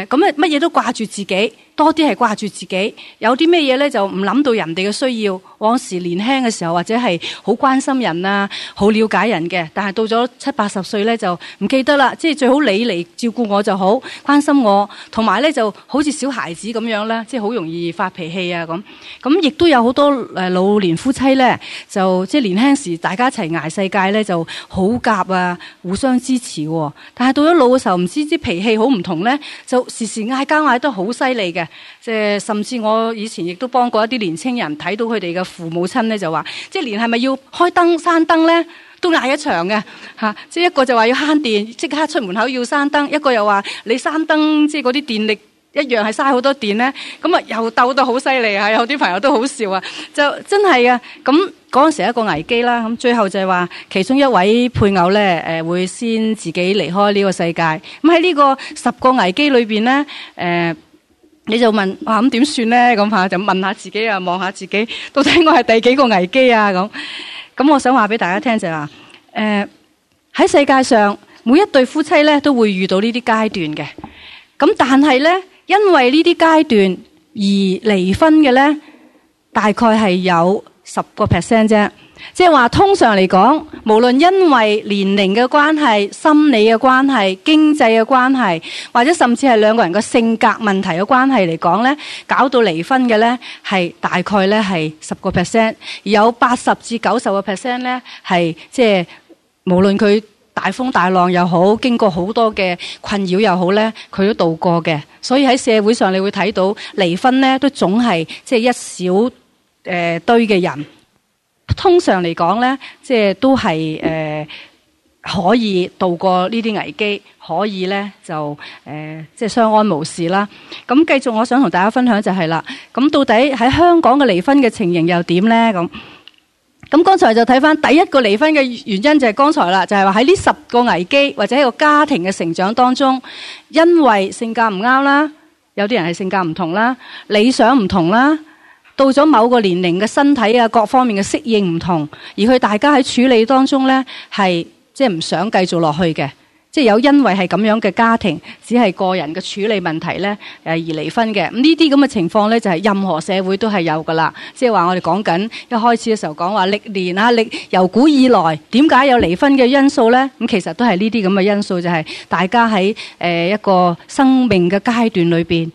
咁乜嘢都掛住自己。多啲係掛住自己，有啲咩嘢咧就唔諗到人哋嘅需要。往時年輕嘅時候或者係好關心人啊，好了解人嘅，但係到咗七八十歲咧就唔記得啦。即係最好你嚟照顧我就好，關心我，同埋咧就好似小孩子咁樣咧，即係好容易發脾氣啊咁。咁亦都有好多誒老年夫妻咧，就即係年輕時大家一齊捱世界咧就好夾啊，互相支持啊。但係到咗老嘅時候，唔知啲脾氣好唔同咧，就時時嗌交嗌都好犀利嘅。即係，甚至我以前亦都幫過一啲年青人，睇到佢哋嘅父母親咧，就話，即係連係咪要開燈閂燈咧，都嗌一場嘅吓、啊。即係一個就話要慳電，即刻出門口要閂燈，一個又話你閂燈，即係嗰啲電力一樣係嘥好多電咧。咁啊，又鬥到好犀利啊，有啲朋友都好笑啊，就真係啊。咁嗰陣時一個危機啦，咁、啊、最後就係話，其中一位配偶咧，誒、啊，會先自己離開呢個世界。咁喺呢個十個危機裏邊咧。誒、啊。你就問話咁點算呢？咁嚇就問下自己啊，望下自己到底我係第幾個危機啊？咁咁我想話俾大家聽就話，誒，喺世界上每一對夫妻咧都會遇到呢啲階段嘅，咁但係呢，因為呢啲階段而離婚嘅呢，大概係有十個 percent 啫。即係話，通常嚟講，無論因為年齡嘅關係、心理嘅關係、經濟嘅關係，或者甚至係兩個人嘅性格問題嘅關係嚟講咧，搞到離婚嘅咧，係大概咧係十個 percent，有八十至九十個 percent 咧係即係無論佢大風大浪又好，經過好多嘅困擾又好咧，佢都度過嘅。所以喺社會上你會睇到離婚咧都總係即係一小誒堆嘅人。通常嚟講咧，即係都係誒、呃、可以度過呢啲危機，可以咧就誒、呃、即係相安無事啦。咁繼續，我想同大家分享就係啦。咁到底喺香港嘅離婚嘅情形又點咧？咁咁，剛才就睇翻第一個離婚嘅原因就係剛才啦，就係話喺呢十個危機或者一個家庭嘅成長當中，因為性格唔啱啦，有啲人係性格唔同啦，理想唔同啦。到咗某個年齡嘅身體啊，各方面嘅適應唔同，而佢大家喺處理當中呢，係即係唔想繼續落去嘅，即係有因為係咁樣嘅家庭，只係個人嘅處理問題呢，而離婚嘅。咁呢啲咁嘅情況呢，就係任何社會都係有噶啦。即係話我哋講緊一開始嘅時候講話歷年啊歷由古以來，點解有離婚嘅因素呢？咁其實都係呢啲咁嘅因素，就係大家喺、呃、一個生命嘅階段裏面。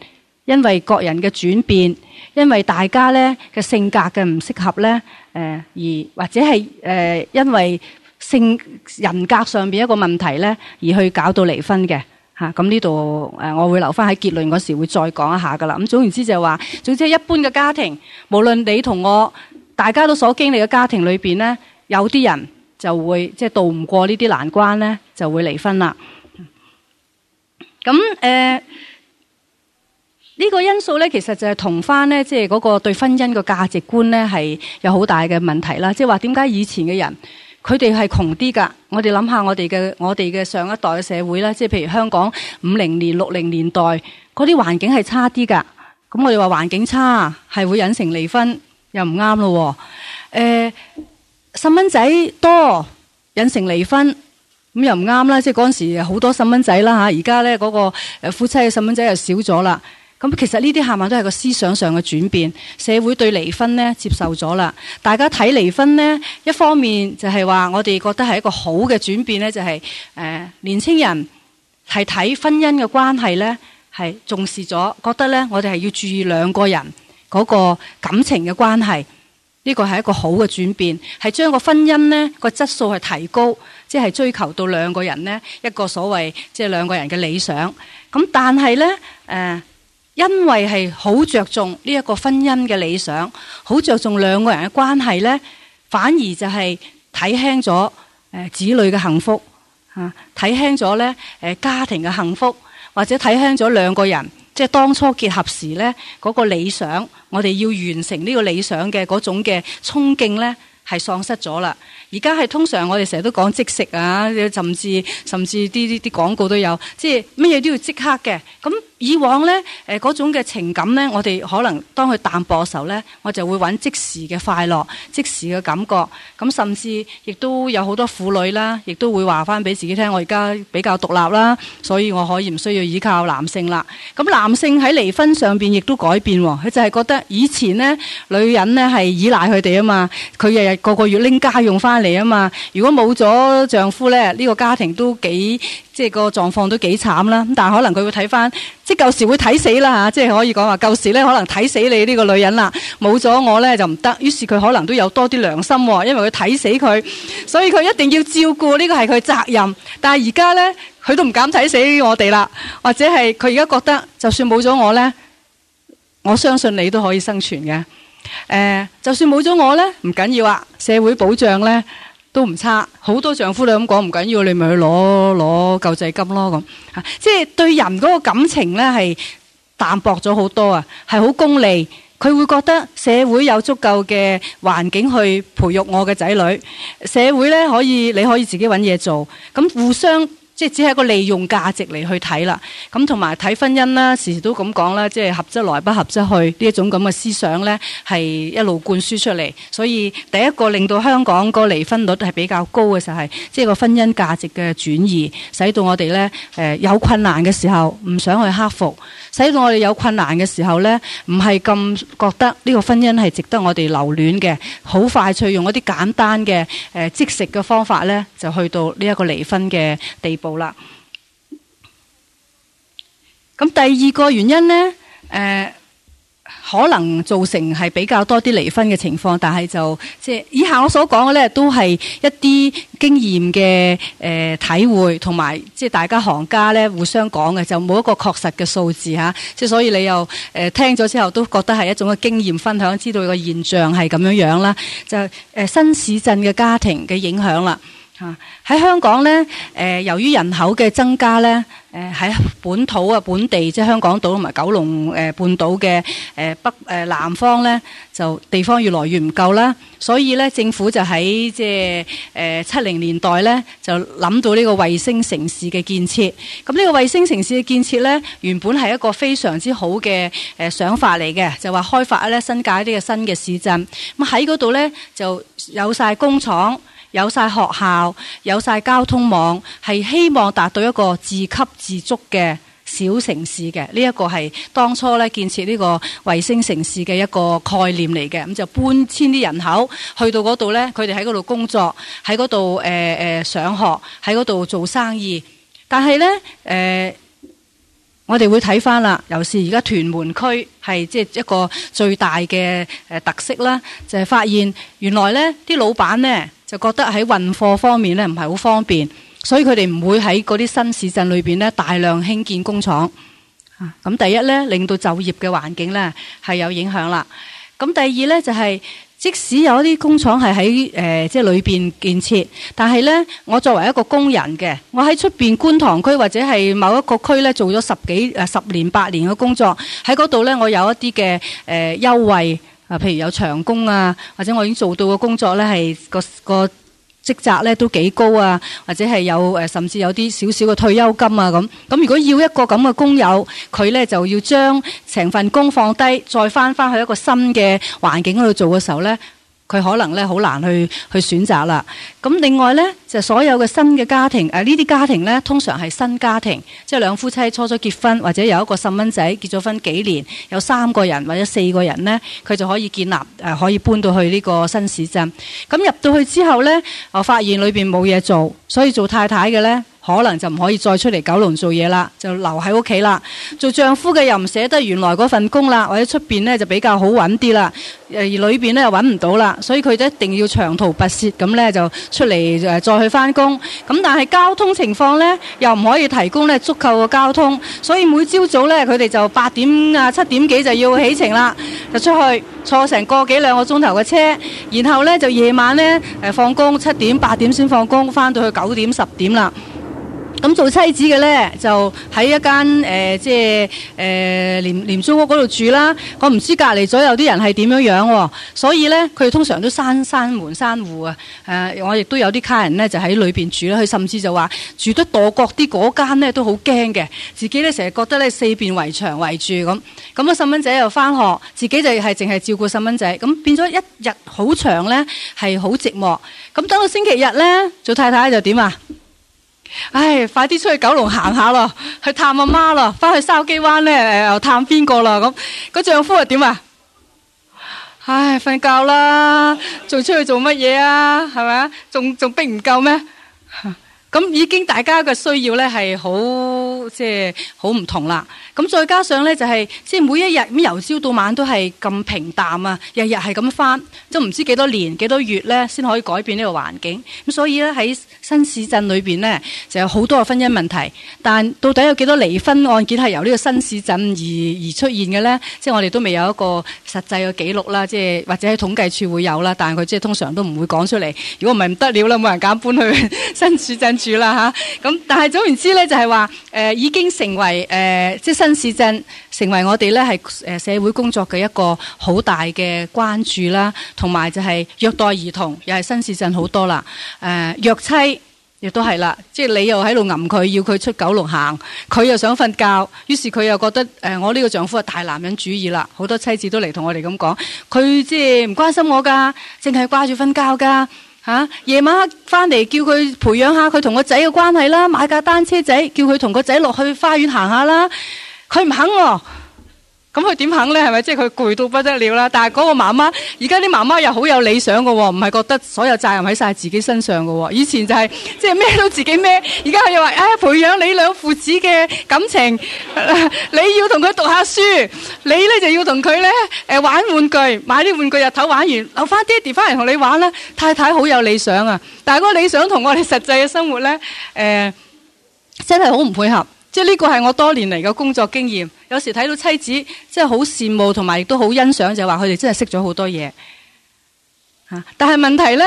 因為各人嘅轉變，因為大家咧嘅性格嘅唔適合咧，誒、呃、而或者係誒、呃、因為性人格上邊一個問題咧，而去搞到離婚嘅吓。咁呢度誒我會留翻喺結論嗰時會再講一下噶啦。咁總言之就係話，總之係一般嘅家庭，無論你同我，大家都所經歷嘅家庭裏邊咧，有啲人就會即係渡唔過呢啲難關咧，就會離婚啦。咁、嗯、誒。嗯嗯嗯呢、這個因素咧，其實就係同翻咧，即係嗰個對婚姻嘅價值觀咧，係有好大嘅問題啦。即係話點解以前嘅人佢哋係窮啲㗎？我哋諗下我哋嘅我哋嘅上一代嘅社會啦，即係譬如香港五零年、六零年代嗰啲環境係差啲㗎。咁我哋話環境差係會引成離婚又唔啱咯。誒、呃，細蚊仔多引成離婚咁又唔啱啦。即係嗰陣時好多細蚊仔啦嚇，而家咧嗰個夫妻嘅細蚊仔又少咗啦。咁其實呢啲下下都係個思想上嘅轉變，社會對離婚呢接受咗啦。大家睇離婚呢，一方面就係話我哋覺得係一個好嘅轉變，呢就係誒年青人係睇婚姻嘅關係呢，係重視咗，覺得呢，我哋係要注意兩個人嗰個感情嘅關係，呢個係一個好嘅轉變，係將個婚姻呢個質素係提高，即係追求到兩個人呢一個所謂即係兩個人嘅理想。咁但係呢，誒、呃？因為係好着重呢一個婚姻嘅理想，好着重兩個人嘅關係咧，反而就係睇輕咗誒子女嘅幸福嚇，睇輕咗咧誒家庭嘅幸福，或者睇輕咗兩個人即係當初結合時咧嗰個理想，我哋要完成呢個理想嘅嗰種嘅憧憬咧，係喪失咗啦。而家係通常我哋成日都講即食啊，甚至甚至啲啲啲廣告都有，即係乜嘢都要即刻嘅咁。以往呢誒嗰種嘅情感呢，我哋可能當佢淡薄嘅時候呢，我就會揾即時嘅快樂、即時嘅感覺。咁甚至亦都有好多婦女啦，亦都會話翻俾自己聽：我而家比較獨立啦，所以我可以唔需要依靠男性啦。咁男性喺離婚上面亦都改變喎，佢就係覺得以前呢女人呢係依賴佢哋啊嘛，佢日日個個月拎家用翻嚟啊嘛。如果冇咗丈夫呢，呢個家庭都幾～即係個狀況都幾慘啦，但可能佢會睇翻，即係舊時會睇死啦，即係可以講話，舊時咧可能睇死你呢個女人啦，冇咗我咧就唔得，於是佢可能都有多啲良心喎，因為佢睇死佢，所以佢一定要照顧，呢個係佢責任。但係而家咧，佢都唔敢睇死我哋啦，或者係佢而家覺得，就算冇咗我咧，我相信你都可以生存嘅。誒、呃，就算冇咗我咧，唔緊要啊，社會保障咧。都唔差，好多丈夫都咁講，唔緊要，你咪去攞攞救濟金咯咁。嚇，即係對人嗰個感情呢係淡薄咗好多啊，係好功利。佢會覺得社會有足夠嘅環境去培育我嘅仔女，社會呢，可以你可以自己揾嘢做，咁互相。即係只係一個利用價值嚟去睇啦，咁同埋睇婚姻啦，時時都咁講啦，即係合則來不合則去呢一種咁嘅思想咧，係一路灌輸出嚟。所以第一個令到香港個離婚率係比較高嘅就係即係個婚姻價值嘅轉移，使到我哋咧，誒有困難嘅時候唔想去克服，使到我哋有困難嘅時候咧唔係咁覺得呢個婚姻係值得我哋留戀嘅，好快脆用一啲簡單嘅誒即食嘅方法咧就去到呢一個離婚嘅地步。好啦，咁第二個原因呢，誒、呃，可能造成係比較多啲離婚嘅情況，但係就即係以下我所講嘅咧，都係一啲經驗嘅誒體會，同埋即係大家行家咧互相講嘅，就冇一個確實嘅數字吓，即、啊、係所以你又誒、呃、聽咗之後都覺得係一種嘅經驗分享，知道個現象係咁樣樣啦，就誒、呃、新市鎮嘅家庭嘅影響啦。喺、啊、香港咧，誒、呃、由於人口嘅增加咧，誒、呃、喺本土啊、本地即係香港島同埋九龍誒、呃、半島嘅誒北誒、呃、南方咧，就地方越來越唔夠啦，所以咧政府就喺即係誒七零年代咧就諗到呢個衛星城市嘅建設。咁、嗯、呢、這個衛星城市嘅建設咧，原本係一個非常之好嘅誒、呃、想法嚟嘅，就話開發咧新界、嗯、呢個新嘅市鎮，咁喺嗰度咧就有晒工廠。有晒學校，有晒交通網，係希望達到一個自給自足嘅小城市嘅，呢一個係當初咧建設呢個衛星城市嘅一個概念嚟嘅。咁就搬遷啲人口去到嗰度咧，佢哋喺嗰度工作，喺嗰度誒誒上學，喺嗰度做生意。但係咧誒，我哋會睇翻啦，尤其是而家屯門區係即係一個最大嘅誒特色啦，就係發現原來咧啲老闆咧，就覺得喺運貨方面咧唔係好方便，所以佢哋唔會喺嗰啲新市鎮裏面咧大量興建工廠。啊，咁第一咧令到就業嘅環境咧係有影響啦。咁第二咧就係、是、即使有一啲工廠係喺即係裏面建設，但係咧我作為一個工人嘅，我喺出面觀塘區或者係某一個區咧做咗十幾、呃、十年八年嘅工作，喺嗰度咧我有一啲嘅誒優惠。呃，譬如有長工啊，或者我已經做到的工作呢，係個，個，職責呢，都幾高啊，或者係有，甚至有啲少少嘅退休金啊，咁，咁，如果要一個咁嘅工友，佢呢，就要將成份工放低，再返返去一個新嘅環境佢去做嘅時候呢，佢可能咧好難去去選擇啦。咁另外咧就所有嘅新嘅家庭，誒呢啲家庭咧通常係新家庭，即係兩夫妻初初結婚，或者有一個細蚊仔結咗婚幾年，有三個人或者四個人咧，佢就可以建立誒，可以搬到去呢個新市鎮。咁入到去之後咧，我發現裏邊冇嘢做，所以做太太嘅咧，可能就唔可以再出嚟九龍做嘢啦，就留喺屋企啦。做丈夫嘅又唔捨得原來嗰份工啦，或者出面呢就比較好揾啲啦。而裏面呢又揾唔到啦，所以佢一定要長途跋涉咁呢，就出嚟、呃、再去翻工。咁但係交通情況呢，又唔可以提供呢足夠嘅交通，所以每朝早呢，佢哋就八點啊七點幾就要起程啦，就出去坐成個幾兩個鐘頭嘅車，然後呢，就夜晚呢、呃，放工七點八點先放工，翻到去九點十點啦。咁做妻子嘅咧，就喺一間誒、呃，即係誒、呃、廉廉租屋嗰度住啦。我唔知隔離左右啲人係點樣喎。所以咧，佢哋通常都閂閂門閂戶啊。誒，我亦都有啲家人咧，就喺裏邊住啦。佢甚至就話住得墮角啲嗰間咧，都好驚嘅。自己咧成日覺得咧四邊圍牆圍住咁。咁啊，細蚊仔又翻學，自己就係淨係照顧細蚊仔。咁變咗一日好長咧，係好寂寞。咁等到星期日咧，做太太就點啊？唉，快啲出去九龍行下咯，去探阿媽咯，翻去筲箕灣咧又探邊個喇？咁，個丈夫又點啊？唉，瞓覺啦，仲出去做乜嘢啊？係咪啊？仲仲逼唔夠咩？咁已經大家嘅需要咧係好即係好唔同啦。咁再加上咧就係、是、即係每一日咁由朝到晚都係咁平淡啊，日日係咁翻，都唔知幾多年幾多月咧先可以改變呢個環境。咁所以咧喺。新市鎮裏邊咧就有好多婚姻問題，但到底有幾多離婚案件係由呢個新市鎮而而出現嘅咧？即係我哋都未有一個實際嘅記錄啦，即係或者喺統計處會有啦，但係佢即係通常都唔會講出嚟。如果唔係唔得了啦，冇人敢搬去新市鎮住啦吓。咁、啊、但係總言之咧，就係話誒，已經成為誒、呃，即係新市鎮。成為我哋咧係誒社會工作嘅一個好大嘅關注啦，同埋就係虐待兒童，又係新市鎮好多啦。誒、呃，虐妻亦都係啦，即係你又喺度吟佢，要佢出九龍行，佢又想瞓覺，於是佢又覺得誒、呃，我呢個丈夫係大男人主義啦。好多妻子都嚟同我哋咁講，佢即係唔關心我㗎，淨係掛住瞓覺㗎嚇。夜、啊、晚黑翻嚟叫佢培養下佢同個仔嘅關係啦，買架單車仔，叫佢同個仔落去花園行下啦。佢唔肯喎、哦，咁佢點肯咧？係咪即係佢攰到不得了啦？但係嗰個媽媽而家啲媽媽又好有理想嘅喎、哦，唔係覺得所有責任喺晒自己身上嘅喎、哦。以前就係、是、即係咩都自己孭，而家又話，唉、哎，培養你兩父子嘅感情，你要同佢讀下書，你咧就要同佢咧，玩玩具，買啲玩具日頭玩完，留翻爹 a d 翻嚟同你玩啦。太太好有理想啊，但係嗰理想同我哋實際嘅生活咧，誒、呃、真係好唔配合。即係呢個係我多年嚟嘅工作經驗，有時睇到妻子即係好羨慕同埋亦都好欣賞，就係話佢哋真係識咗好多嘢嚇。但係問題咧，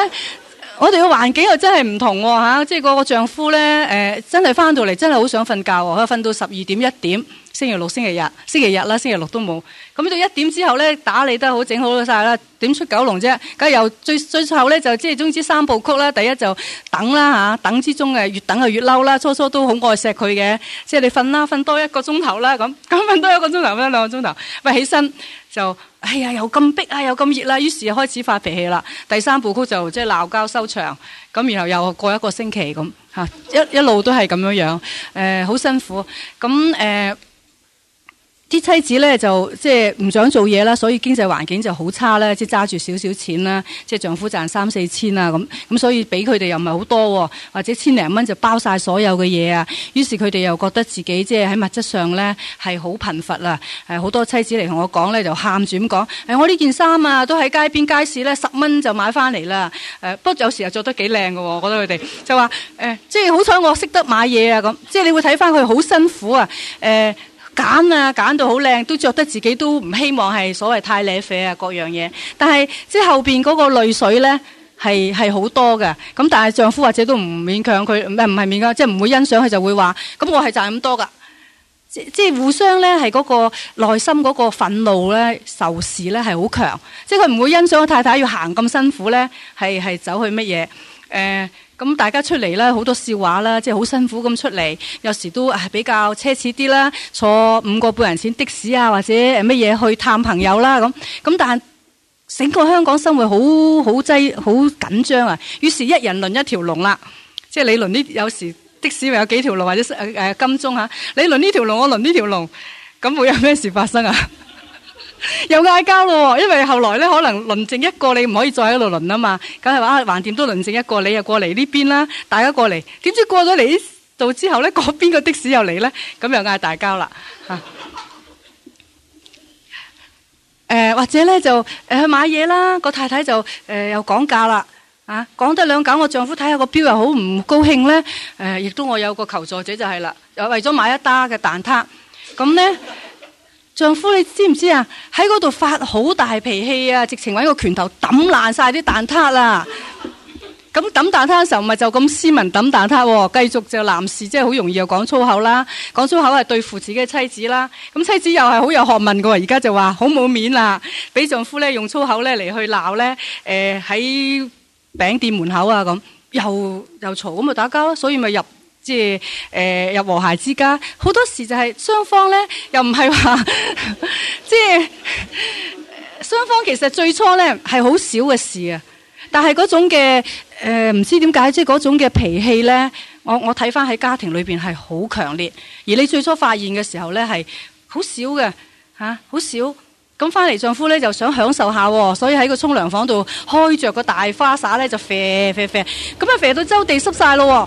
我哋嘅環境又真係唔同喎嚇。即係個丈夫咧，誒、呃、真係翻到嚟真係好想瞓覺喎，可以瞓到十二點一點。星期六、星期日、星期日啦，星期六都冇。咁到一點之後咧，打理得好，整好晒啦。點出九龍啫？梗係由最最後咧，就即係總之三部曲啦。第一就等啦嚇，等之中嘅越等啊越嬲啦。初初都好愛錫佢嘅，即係你瞓啦，瞓多一個鐘頭啦，咁咁瞓多一個鐘頭，瞓兩個鐘頭，喂起身就哎呀，又咁逼啊，又咁熱啦。於是開始發脾氣啦。第三部曲就即係鬧交收場。咁然後又過一個星期咁嚇，一一路都係咁樣樣。誒，好辛苦。咁誒。呃啲妻子咧就即係唔想做嘢啦，所以經濟環境就好差啦，即係揸住少少錢啦，即、就、係、是、丈夫賺三四千啊咁，咁、嗯嗯、所以俾佢哋又唔係好多，或者千零蚊就包晒所有嘅嘢啊。於是佢哋又覺得自己即係喺物質上咧係好貧乏啦。係、嗯、好多妻子嚟同我講咧就喊住咁講，誒、哎、我呢件衫啊都喺街邊街市咧十蚊就買翻嚟啦。誒、呃、不過有時又著得幾靚㗎喎，我覺得佢哋就話誒、呃、即係好彩我識得買嘢啊咁。即係你會睇翻佢好辛苦啊誒。呃揀啊，揀到好靚，都覺得自己都唔希望係所謂太瀨啡啊，各樣嘢。但係即後邊嗰個淚水咧，係係好多嘅。咁但係丈夫或者都唔勉強佢，唔係唔係勉強、就是，即唔會欣賞佢就會話，咁我係賺咁多噶。即即互相咧係嗰個內心嗰個憤怒咧，仇視咧係好強。即佢唔會欣賞太太要行咁辛苦咧，係係走去乜嘢誒？呃咁大家出嚟啦，好多笑話啦，即係好辛苦咁出嚟，有時都啊比較奢侈啲啦，坐五個半人錢的士啊，或者誒乜嘢去探朋友啦咁，咁但整個香港生活好好擠好緊張啊，於是，一人輪一條龍啦，即係你輪呢，有時的士會有幾條龍，或者誒金鐘嚇，你輪呢條龍，我輪呢條龍，咁會有咩事發生啊？又嗌交咯，因為後來咧可能輪剩一個你唔可以再喺度輪啊嘛，梗係話啊，橫掂都輪剩一個，你又過嚟呢邊啦，大家過嚟，點知過咗嚟呢度之後咧，嗰邊個的士又嚟咧，咁又嗌大交啦。誒，或者咧就誒去買嘢啦，個太太就誒又講價啦，啊講得兩揀，我丈夫睇下個表又好唔高興咧，誒亦都我有個求助者就係啦，為咗買一打嘅蛋撻，咁咧。丈夫，你知唔知啊？喺嗰度發好大脾氣啊！直情揾個拳頭抌爛晒啲蛋撻啦，啊！咁抌蛋撻嘅時候，咪就咁斯文抌蛋撻，啊，喎。繼續就男士，即係好容易又講粗口啦。講粗口係對付自己嘅妻子啦。咁妻子又係好有學問嘅喎。而家就話好冇面啦，俾丈夫咧用粗口咧嚟去鬧咧。誒、呃，喺餅店門口啊，咁又又嘈，咁咪打交，所以咪入。即係誒入和諧之家，好多時就係雙方咧，又唔係話即係雙方其實最初咧係好少嘅事啊，但係嗰種嘅誒唔知點解，即係嗰種嘅脾氣咧，我我睇翻，喺家庭裏邊係好強烈，而你最初發現嘅時候咧係好少嘅吓，好、啊、好少咁翻嚟。那回來，丈夫咧就想享受下，所以喺個沖涼房度開着個大花灑咧就啡啡啡，咁啊啡到周地濕晒咯。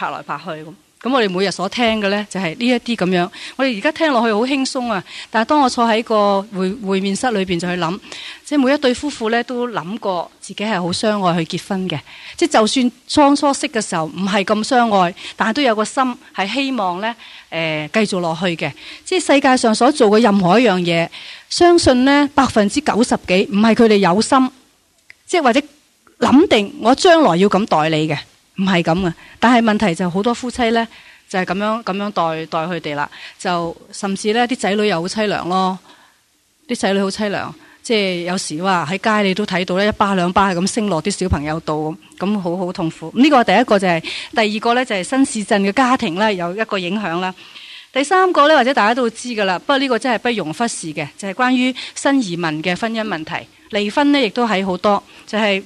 拍來拍去咁，咁我哋每日所聽嘅咧就係呢一啲咁樣。我哋而家聽落去好輕鬆啊，但係當我坐喺個會會面室裏邊就去諗，即係每一對夫婦咧都諗過自己係好相愛去結婚嘅。即係就算初初識嘅時候唔係咁相愛，但係都有個心係希望咧誒繼續落去嘅。即係世界上所做嘅任何一樣嘢，相信咧百分之九十幾唔係佢哋有心，即係或者諗定我將來要咁代理嘅。唔係咁噶，但係問題就好多夫妻呢，就係咁樣咁樣待待佢哋啦，就甚至呢啲仔女又好淒涼咯，啲仔女好淒涼，即係有時話喺街你都睇到呢一巴兩巴咁升落啲小朋友度咁，好好痛苦。咁呢個第一個就係，第二個呢就係新市鎮嘅家庭呢有一個影響啦，第三個呢，或者大家都知噶啦，不過呢個真係不容忽視嘅，就係關於新移民嘅婚姻問題，離婚呢亦都係好多，就係。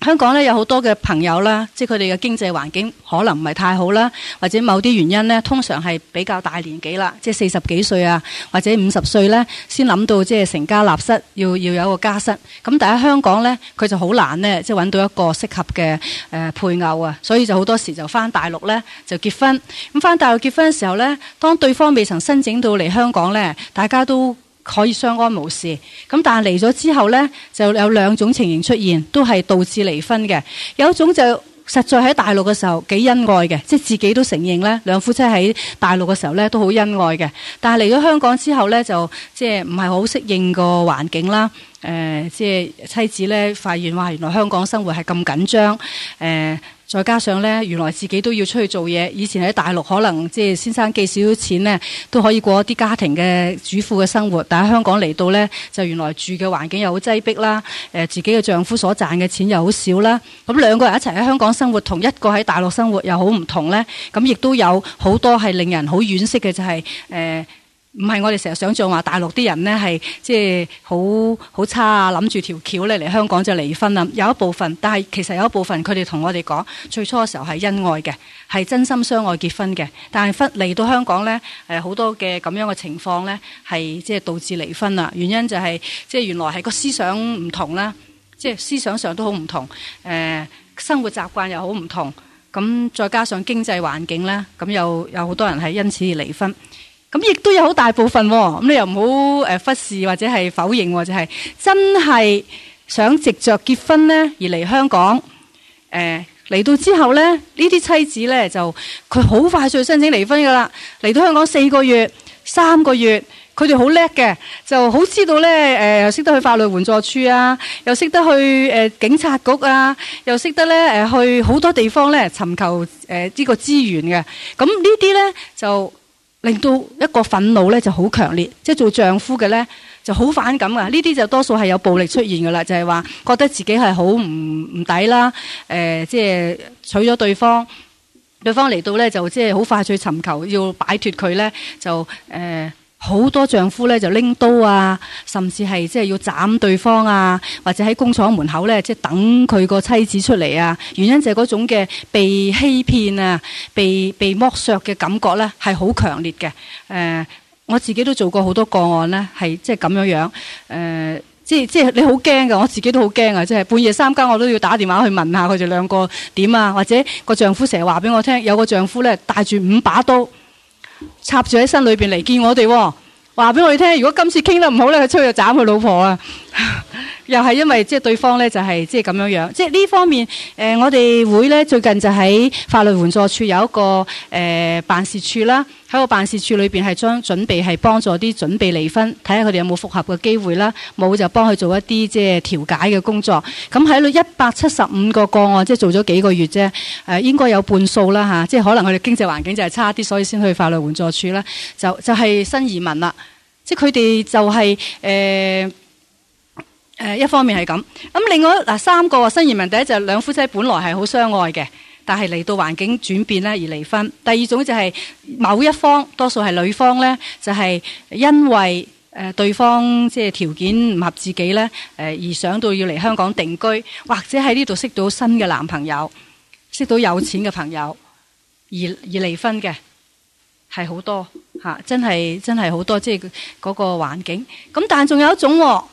香港咧有好多嘅朋友啦，即係佢哋嘅經濟環境可能唔係太好啦，或者某啲原因呢，通常係比較大年紀啦，即係四十幾歲啊，或者五十歲呢，先諗到即係成家立室，要要有個家室。咁但喺香港呢，佢就好難呢，即係揾到一個適合嘅誒配偶啊，所以就好多時就翻大陸呢，就結婚。咁翻大陸結婚嘅時候呢，當對方未曾申請到嚟香港呢，大家都。可以相安無事，咁但係嚟咗之後呢，就有兩種情形出現，都係導致離婚嘅。有一種就實在喺大陸嘅時候幾恩愛嘅，即係自己都承認呢兩夫妻喺大陸嘅時候呢都好恩愛嘅。但係嚟咗香港之後呢，就即係唔係好適應個環境啦。誒，即係、呃、妻子呢發現話，原來香港生活係咁緊張，誒、呃。再加上呢，原來自己都要出去做嘢。以前喺大陸可能即係先生寄少少錢呢，都可以過一啲家庭嘅主婦嘅生活。但喺香港嚟到呢，就原來住嘅環境又好擠迫啦。呃，自己嘅丈夫所賺嘅錢又好少啦。咁兩個人一齊喺香港生活，同一個喺大陸生活又好唔同呢。咁亦都有好多係令人好惋惜嘅，就係，呃。唔係我哋成日想象話大陸啲人呢係即係好好差啊，諗住條橋呢嚟香港就離婚啦。有一部分，但係其實有一部分佢哋同我哋講，最初嘅時候係恩愛嘅，係真心相愛結婚嘅。但係忽嚟到香港呢，誒好多嘅咁樣嘅情況呢係即係導致離婚啦。原因就係即係原來係個思想唔同啦，即係思想上都好唔同，誒生活習慣又好唔同，咁再加上經濟環境呢，咁又有好多人係因此而離婚。咁亦都有好大部分，咁你又唔好誒忽視或者係否認，就係真係想藉着結婚咧而嚟香港。誒嚟到之後咧，呢啲妻子咧就佢好快就申請離婚噶啦。嚟到香港四個月、三個月，佢哋好叻嘅，就好知道咧誒又識得去法律援助處啊，又識得去誒警察局啊，又識得咧誒去好多地方咧尋求誒呢個資源嘅。咁呢啲咧就。令到一個憤怒咧就好強烈，即係做丈夫嘅咧就好反感啊！呢啲就多數係有暴力出現㗎啦，就係話覺得自己係好唔唔抵啦，誒即係娶咗對方，對方嚟到咧就即係好快去尋求要擺脱佢咧，就誒。好多丈夫咧就拎刀啊，甚至係即係要斬對方啊，或者喺工廠門口咧即係等佢個妻子出嚟啊。原因就係嗰種嘅被欺騙啊、被被剝削嘅感覺咧係好強烈嘅。誒、呃，我自己都做過好多個案咧，係即係咁樣樣誒，即係即係你好驚噶，我自己都好驚啊！即係半夜三更我都要打電話去問下佢哋兩個點啊，或者個丈夫成日話俾我聽有個丈夫咧帶住五把刀。插住喺身裏邊嚟，見我哋，話俾我哋聽，如果今次傾得唔好咧，佢出去就斬佢老婆啊！ 又係因為即係對方咧，就係即係咁樣樣。即係呢方面，誒、呃、我哋會咧最近就喺法律援助處有一個誒、呃、辦事處啦。喺個辦事處裏邊係將準備係幫助啲準備離婚，睇下佢哋有冇復合嘅機會啦。冇就幫佢做一啲即係調解嘅工作。咁喺度一百七十五個個案，即係做咗幾個月啫。誒、呃、應該有半數啦吓，即係可能佢哋經濟環境就係差啲，所以先去法律援助處啦。就就係、是、新移民啦，即係佢哋就係、是、誒。呃誒，一方面係咁，咁另外嗱，三個新移民，第一就係兩夫妻本來係好相愛嘅，但係嚟到環境轉變咧而離婚。第二種就係某一方，多數係女方咧，就係因為誒對方即係條件唔合自己咧，誒而想到要嚟香港定居，或者喺呢度識到新嘅男朋友，識到有錢嘅朋友，而而離婚嘅係好多吓，真係真係好多，即係嗰個環境。咁但係仲有一種哦。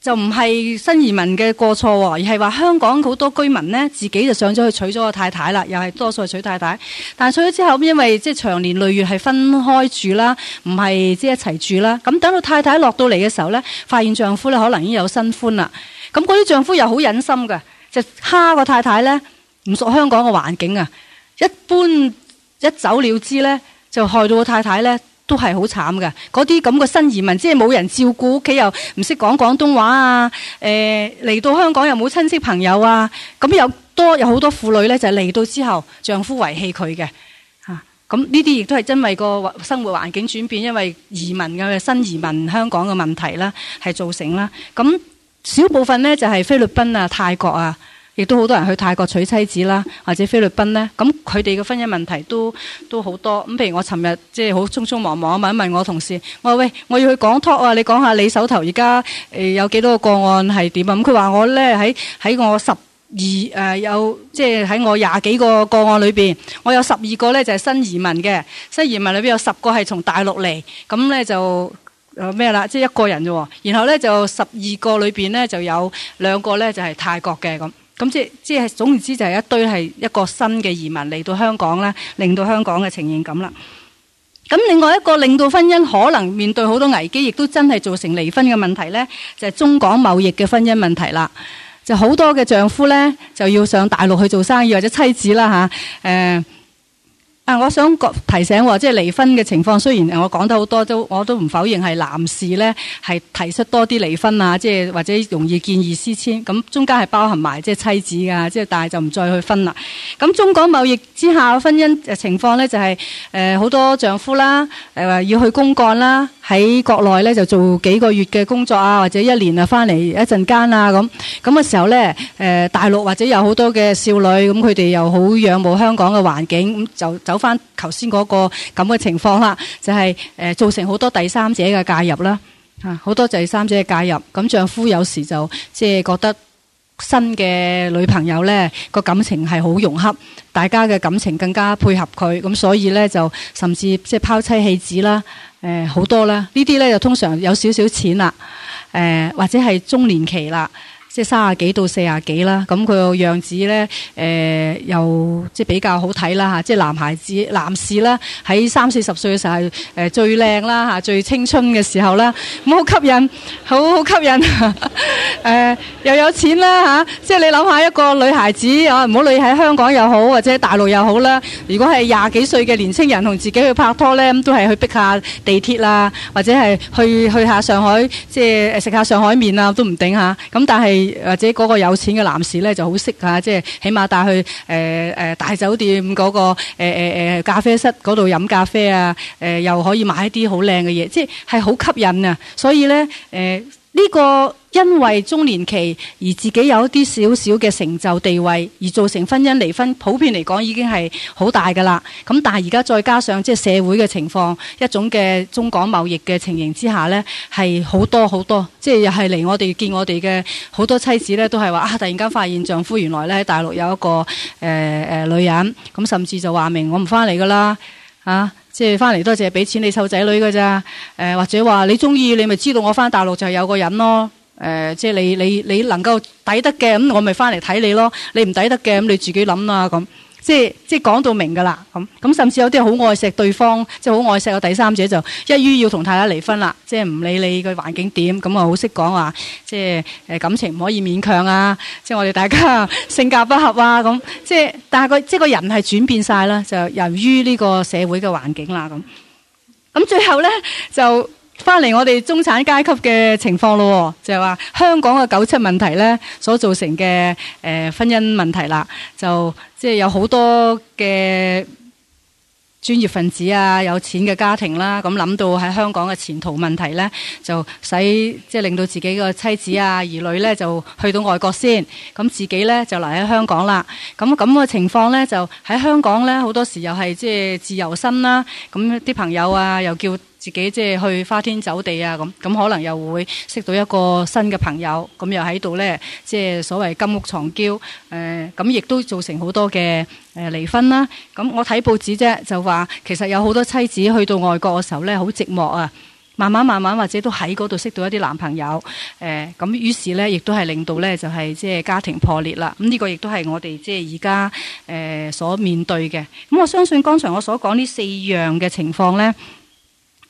就唔係新移民嘅過錯，而係話香港好多居民呢，自己就上咗去娶咗個太太啦，又係多數係娶太太。但係娶咗之後，因為即係長年累月係分開住啦，唔係即係一齊住啦。咁等到太太落到嚟嘅時候呢，發現丈夫咧可能已經有新歡啦。咁嗰啲丈夫又好忍心㗎，就蝦個太太呢，唔熟香港嘅環境啊，一般一走了之呢，就害到個太太呢。都係好慘噶，嗰啲咁嘅新移民，即係冇人照顧，屋企又唔識講廣東話啊！誒、欸，嚟到香港又冇親戚朋友啊，咁有多有好多婦女咧就嚟、是、到之後，丈夫遺棄佢嘅吓，咁呢啲亦都係因為個生活環境轉變，因為移民嘅新移民香港嘅問題啦，係造成啦。咁小部分呢，就係、是、菲律賓啊、泰國啊。亦都好多人去泰國娶妻子啦，或者菲律賓咧，咁佢哋嘅婚姻問題都都好多。咁譬如我尋日即係好匆匆忙忙問一問我同事，我話喂我要去講 talk 啊，你講一下你手頭而家誒有幾多個個案係點啊？咁佢話我咧喺喺我十二誒、呃、有即係喺我廿幾個個,個案裏邊，我有十二個咧就係、是、新移民嘅，新移民裏邊有十個係從大陸嚟，咁咧就誒咩啦，即、呃、係、就是、一個人啫喎。然後咧就十二個裏邊咧就有兩個咧就係、是、泰國嘅咁。咁即即係總言之，就係一堆係一個新嘅移民嚟到香港啦，令到香港嘅呈現感啦。咁另外一個令到婚姻可能面對好多危機，亦都真係造成離婚嘅問題呢，就係中港貿易嘅婚姻問題啦。就好多嘅丈夫呢，就要上大陸去做生意或者妻子啦嚇，呃但我想提醒喎，即係離婚嘅情況，雖然我講得好多，都我都唔否認係男士咧係提出多啲離婚啊，即係或者容易見異思遷，咁中間係包含埋即係妻子㗎，即係但係就唔再去分啦。咁中港貿易之下婚姻嘅情況咧、就是，就係誒好多丈夫啦，誒、呃、話要去公幹啦，喺國內咧就做幾個月嘅工作啊，或者一年啊翻嚟一陣間啊咁。咁嘅時候咧，誒、呃、大陸或者有好多嘅少女，咁佢哋又好仰慕香港嘅環境，咁就走。就翻頭先嗰個咁嘅情況啦，就係、是、誒造成好多第三者嘅介入啦，嚇好多第三者嘅介入。咁丈夫有時就即係覺得新嘅女朋友咧、那個感情係好融洽，大家嘅感情更加配合佢，咁所以咧就甚至即係拋妻棄子啦，誒好多啦。呢啲咧就通常有少少錢啦，誒或者係中年期啦。即係卅幾到四十幾啦，咁佢個樣子咧，誒、呃、又即係比較好睇啦，即係男孩子、男士啦，喺三四十歲嘅時候係、呃、最靚啦，最青春嘅時候啦，咁好吸引，好好吸引呵呵、呃，又有錢啦、啊、即係你諗下一個女孩子啊，唔好理喺香港又好，或者大陸又好啦。如果係廿幾歲嘅年青人同自己去拍拖咧，咁都係去逼下地鐵啦，或者係去去下上海，即係食下上海麵啊，都唔定下。咁但係。或者嗰個有錢嘅男士咧，就好識㗎，即、啊、係、就是、起碼帶去誒誒、呃呃、大酒店嗰、那個誒誒誒咖啡室嗰度飲咖啡啊，誒、呃、又可以買一啲好靚嘅嘢，即係係好吸引啊！所以咧誒。呃呢、這個因為中年期而自己有一啲少少嘅成就地位而造成婚姻離婚，普遍嚟講已經係好大噶啦。咁但係而家再加上即係社會嘅情況，一種嘅中港貿易嘅情形之下呢，係好多好多，即係又係嚟我哋見我哋嘅好多妻子呢，都係話啊，突然間發現丈夫原來呢喺大陸有一個誒誒、呃呃、女人，咁甚至就話明我唔返嚟噶啦，嚇、啊。即係翻嚟多謝，俾錢給你湊仔女㗎咋？誒、呃、或者話你中意，你咪知道我翻大陸就係有個人咯。誒、呃、即係你你你能夠抵得嘅，咁我咪翻嚟睇你咯。你唔抵得嘅，咁你自己諗啦咁。即係即係講到明㗎啦，咁咁甚至有啲好愛錫對方，即係好愛錫個第三者就，就一於要同太太離婚啦，即係唔理你個環境點，咁啊好識講話，即係誒感情唔可以勉強啊，即係我哋大家 性格不合啊，咁即係但係佢即係個人係轉變晒啦，就由於呢個社會嘅環境啦，咁咁最後咧就。翻嚟我哋中產階級嘅情況咯，就係、是、話香港嘅九七問題咧所造成嘅誒、呃、婚姻問題啦，就即係、就是、有好多嘅專業分子啊，有錢嘅家庭啦，咁諗到喺香港嘅前途問題咧，就使即係、就是、令到自己個妻子啊、兒女咧就去到外國先，咁自己咧就留喺香港啦。咁咁嘅情況咧，就喺香港咧好多時又係即係自由身啦，咁啲朋友啊又叫。自己即係去花天酒地啊！咁咁可能又會識到一個新嘅朋友，咁又喺度呢，即係所謂金屋藏嬌，誒咁亦都造成好多嘅誒離婚啦。咁我睇報紙啫，就話其實有好多妻子去到外國嘅時候呢，好寂寞啊。慢慢慢慢，或者都喺嗰度識到一啲男朋友。誒咁於是呢，亦都係令到呢，就係即係家庭破裂啦。咁、這、呢個亦都係我哋即係而家誒所面對嘅。咁我相信剛才我所講呢四樣嘅情況呢。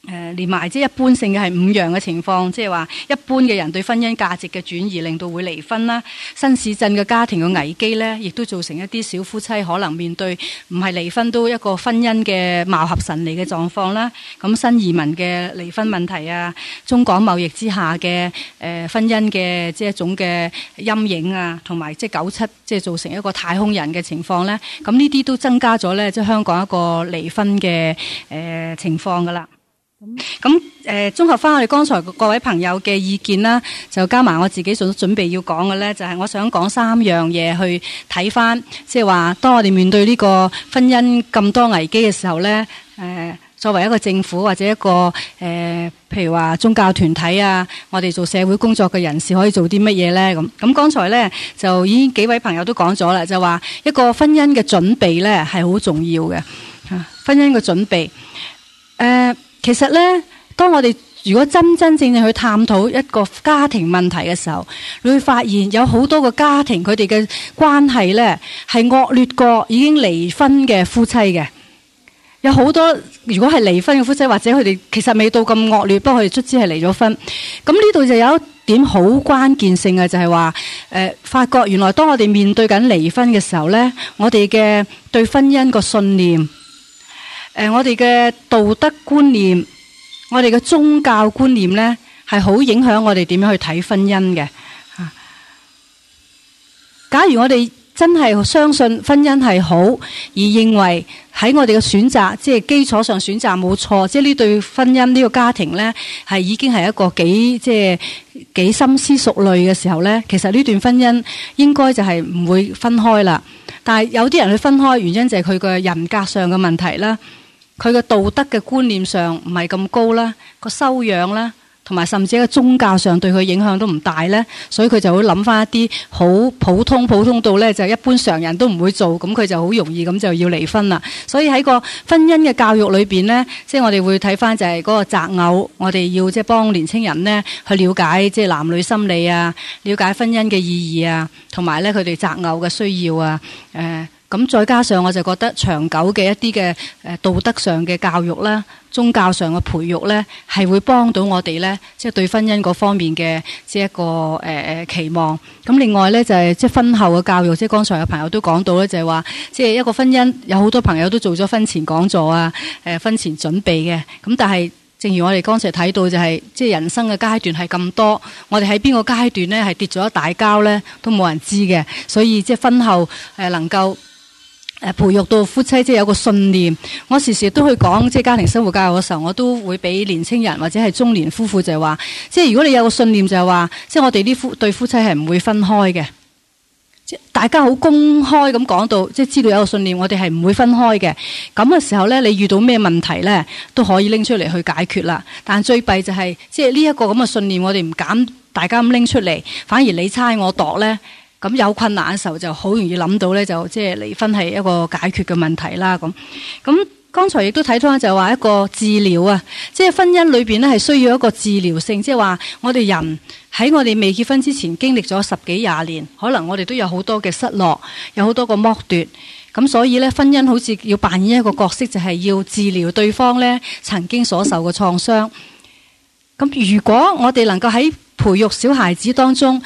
誒、呃，連埋即係一般性嘅係五樣嘅情況，即係話一般嘅人對婚姻價值嘅轉移，令到會離婚啦。新市鎮嘅家庭嘅危機呢，亦都造成一啲小夫妻可能面對唔係離婚都一個婚姻嘅貌合神離嘅狀況啦。咁新移民嘅離婚問題啊，中港貿易之下嘅誒、呃、婚姻嘅即係一種嘅陰影啊，同埋即係九七即係造成一個太空人嘅情況呢。咁呢啲都增加咗呢，即係香港一個離婚嘅誒、呃、情況㗎喇。咁誒、呃，綜合翻我哋剛才各位朋友嘅意見啦，就加埋我自己做咗準備要講嘅咧，就係、是、我想講三樣嘢去睇翻，即係話當我哋面對呢個婚姻咁多危機嘅時候咧，誒、呃，作為一個政府或者一個誒、呃，譬如話宗教團體啊，我哋做社會工作嘅人士可以做啲乜嘢咧？咁咁剛才咧就已經幾位朋友都講咗啦，就話一個婚姻嘅準備咧係好重要嘅吓、啊，婚姻嘅準備誒。呃其實咧，當我哋如果真真正正去探討一個家庭問題嘅時候，你會發現有好多個家庭佢哋嘅關係咧係惡劣過已經離婚嘅夫妻嘅。有好多如果係離婚嘅夫妻，或者佢哋其實未到咁惡劣，不過佢哋卒之係離咗婚。咁呢度就有一點好關鍵性嘅，就係話誒，發覺原來當我哋面對緊離婚嘅時候咧，我哋嘅對婚姻個信念。誒、呃，我哋嘅道德觀念，我哋嘅宗教觀念呢，係好影響我哋點樣去睇婚姻嘅。吓、啊，假如我哋真係相信婚姻係好，而認為喺我哋嘅選擇，即係基礎上選擇冇錯，即係呢對婚姻呢個家庭呢，係已經係一個幾即係幾深思熟慮嘅時候呢。其實呢段婚姻應該就係唔會分開啦。但係有啲人去分開，原因就係佢嘅人格上嘅問題啦。佢嘅道德嘅觀念上唔係咁高啦，個修養啦，同埋甚至喺宗教上對佢影響都唔大咧，所以佢就會諗翻一啲好普通普通到咧就一般常人都唔會做，咁佢就好容易咁就要離婚啦。所以喺個婚姻嘅教育裏邊咧，即係我哋會睇翻就係嗰個擇偶，我哋要即係幫年青人呢去了解即係男女心理啊，了解婚姻嘅意義啊，同埋咧佢哋擇偶嘅需要啊，誒、呃。咁再加上我就覺得長久嘅一啲嘅道德上嘅教育咧，宗教上嘅培育咧，係會幫到我哋咧，即係對婚姻嗰方面嘅即係一個誒誒期望。咁另外咧就係即係婚後嘅教育，即係剛才有朋友都講到咧，就係話即係一個婚姻有好多朋友都做咗婚前講座啊，誒婚前準備嘅。咁但係正如我哋剛才睇到就係即係人生嘅階段係咁多，我哋喺邊個階段咧係跌咗一大跤咧，都冇人知嘅。所以即係婚後誒能夠。誒培育到夫妻即係有個信念，我時時都去講即係家庭生活教育嘅時候，我都會俾年青人或者係中年夫婦就係話，即係如果你有個信念就係話，即係我哋啲夫對夫妻係唔會分開嘅，即大家好公開咁講到，即係知道有個信念，我哋係唔會分開嘅。咁嘅時候咧，你遇到咩問題咧，都可以拎出嚟去解決啦。但最弊就係、是，即係呢一個咁嘅信念，我哋唔敢大家咁拎出嚟，反而你猜我度咧。咁有困難嘅時候，就好容易諗到呢就即係離婚係一個解決嘅問題啦。咁咁剛才亦都睇到就話一個治療啊，即係婚姻裏邊呢係需要一個治療性，即係話我哋人喺我哋未結婚之前經歷咗十幾廿年，可能我哋都有好多嘅失落，有好多個剝奪，咁所以呢，婚姻好似要扮演一個角色，就係要治療對方呢曾經所受嘅創傷。咁如果我哋能夠喺培育小孩子當中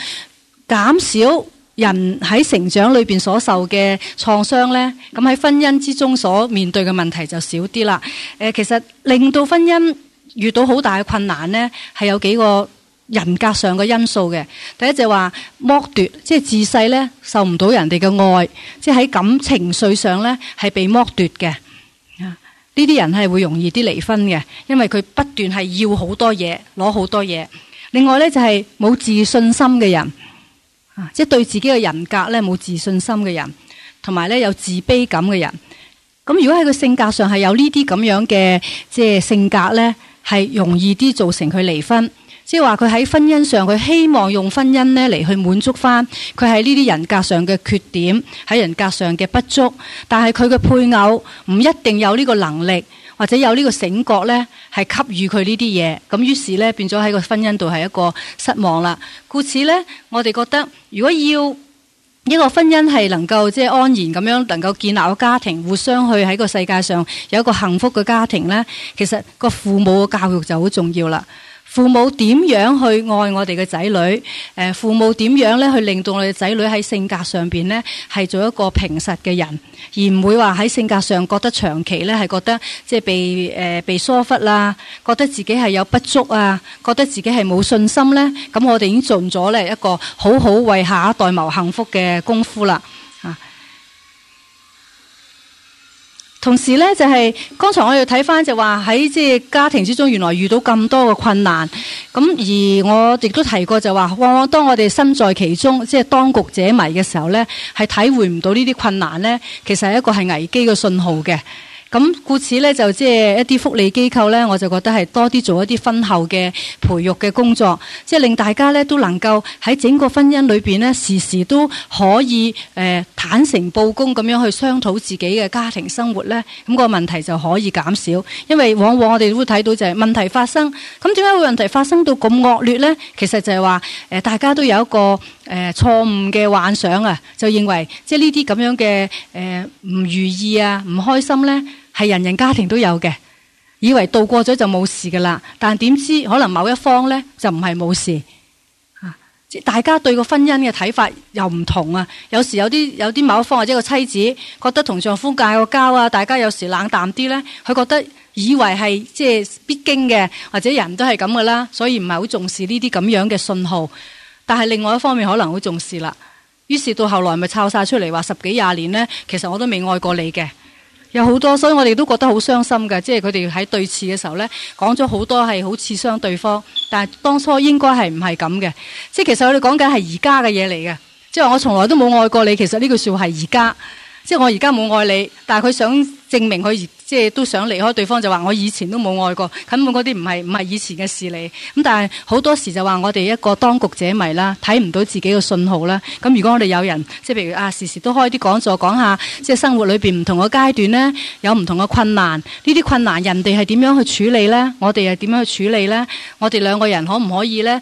減少，人喺成長裏邊所受嘅創傷呢，咁喺婚姻之中所面對嘅問題就少啲啦。誒、呃，其實令到婚姻遇到好大嘅困難呢，係有幾個人格上嘅因素嘅。第一就話剝奪，即係自細呢受唔到人哋嘅愛，即係喺感情緒上呢係被剝奪嘅。呢啲人係會容易啲離婚嘅，因為佢不斷係要好多嘢，攞好多嘢。另外呢，就係、是、冇自信心嘅人。啊！即係對自己嘅人格咧冇自信心嘅人，同埋咧有自卑感嘅人，咁如果喺佢性格上係有呢啲咁樣嘅即係性格咧，係容易啲造成佢離婚。即係話佢喺婚姻上，佢希望用婚姻咧嚟去滿足翻佢喺呢啲人格上嘅缺點，喺人格上嘅不足，但係佢嘅配偶唔一定有呢個能力。或者有呢個醒覺呢，係給予佢呢啲嘢，咁於是呢，變咗喺個婚姻度係一個失望啦。故此呢，我哋覺得如果要一個婚姻係能夠即係安然咁樣能夠建立個家庭，互相去喺個世界上有一個幸福嘅家庭呢，其實個父母嘅教育就好重要啦。父母點樣去愛我哋嘅仔女？誒，父母點樣咧去令到我哋仔女喺性格上邊咧係做一個平實嘅人，而唔會話喺性格上覺得長期咧係覺得即係被誒被疏忽啦，覺得自己係有不足啊，覺得自己係冇信心咧，咁我哋已經盡咗咧一個好好為下一代謀幸福嘅功夫啦。同時咧，就係、係、剛才我哋睇翻就話喺即係家庭之中，原來遇到咁多嘅困難。咁而我亦都提過就話，往往當我哋身在其中，即、就、係、係、當局者迷嘅時候咧，係體會唔到呢啲困難咧，其實係一個係危機嘅信號嘅。咁故此咧，就即係一啲福利機構咧，我就覺得係多啲做一啲婚後嘅培育嘅工作，即係令大家咧都能夠喺整個婚姻裏面呢，時時都可以誒、呃、坦誠布公咁樣去商討自己嘅家庭生活咧，咁、那個問題就可以減少。因為往往我哋都會睇到就係問題發生，咁點解會問題發生到咁惡劣咧？其實就係話、呃、大家都有一個誒、呃、錯誤嘅幻想啊，就認為即係呢啲咁樣嘅誒唔如意啊、唔開心咧、啊。係人人家庭都有嘅，以為度過咗就冇事噶啦。但係點知可能某一方呢，就唔係冇事啊！即大家對個婚姻嘅睇法又唔同啊。有時有啲有啲某一方或者個妻子覺得同丈夫嗌個交啊，大家有時冷淡啲呢，佢覺得以為係即係必經嘅，或者人都係咁噶啦，所以唔係好重視呢啲咁樣嘅信號。但係另外一方面可能會重視啦。於是到後來咪抄晒出嚟，話十幾廿年呢，其實我都未愛過你嘅。有好多，所以我哋都覺得好傷心嘅，即係佢哋喺對峙嘅時候咧，講咗好多係好刺傷對方，但係當初應該係唔係咁嘅，即係其實我哋講緊係而家嘅嘢嚟嘅，即係我從來都冇愛過你，其實呢句說話係而家，即係我而家冇愛你，但係佢想證明佢而。即係都想離開對方，就話我以前都冇愛過，根本嗰啲唔係唔係以前嘅事嚟。咁但係好多時就話我哋一個當局者迷啦，睇唔到自己嘅信號啦。咁如果我哋有人，即係譬如啊，時時都開啲講座講下，即係生活裏邊唔同嘅階段呢，有唔同嘅困難，呢啲困難人哋係點樣去處理呢？我哋係點樣去處理呢？我哋兩個人可唔可以呢？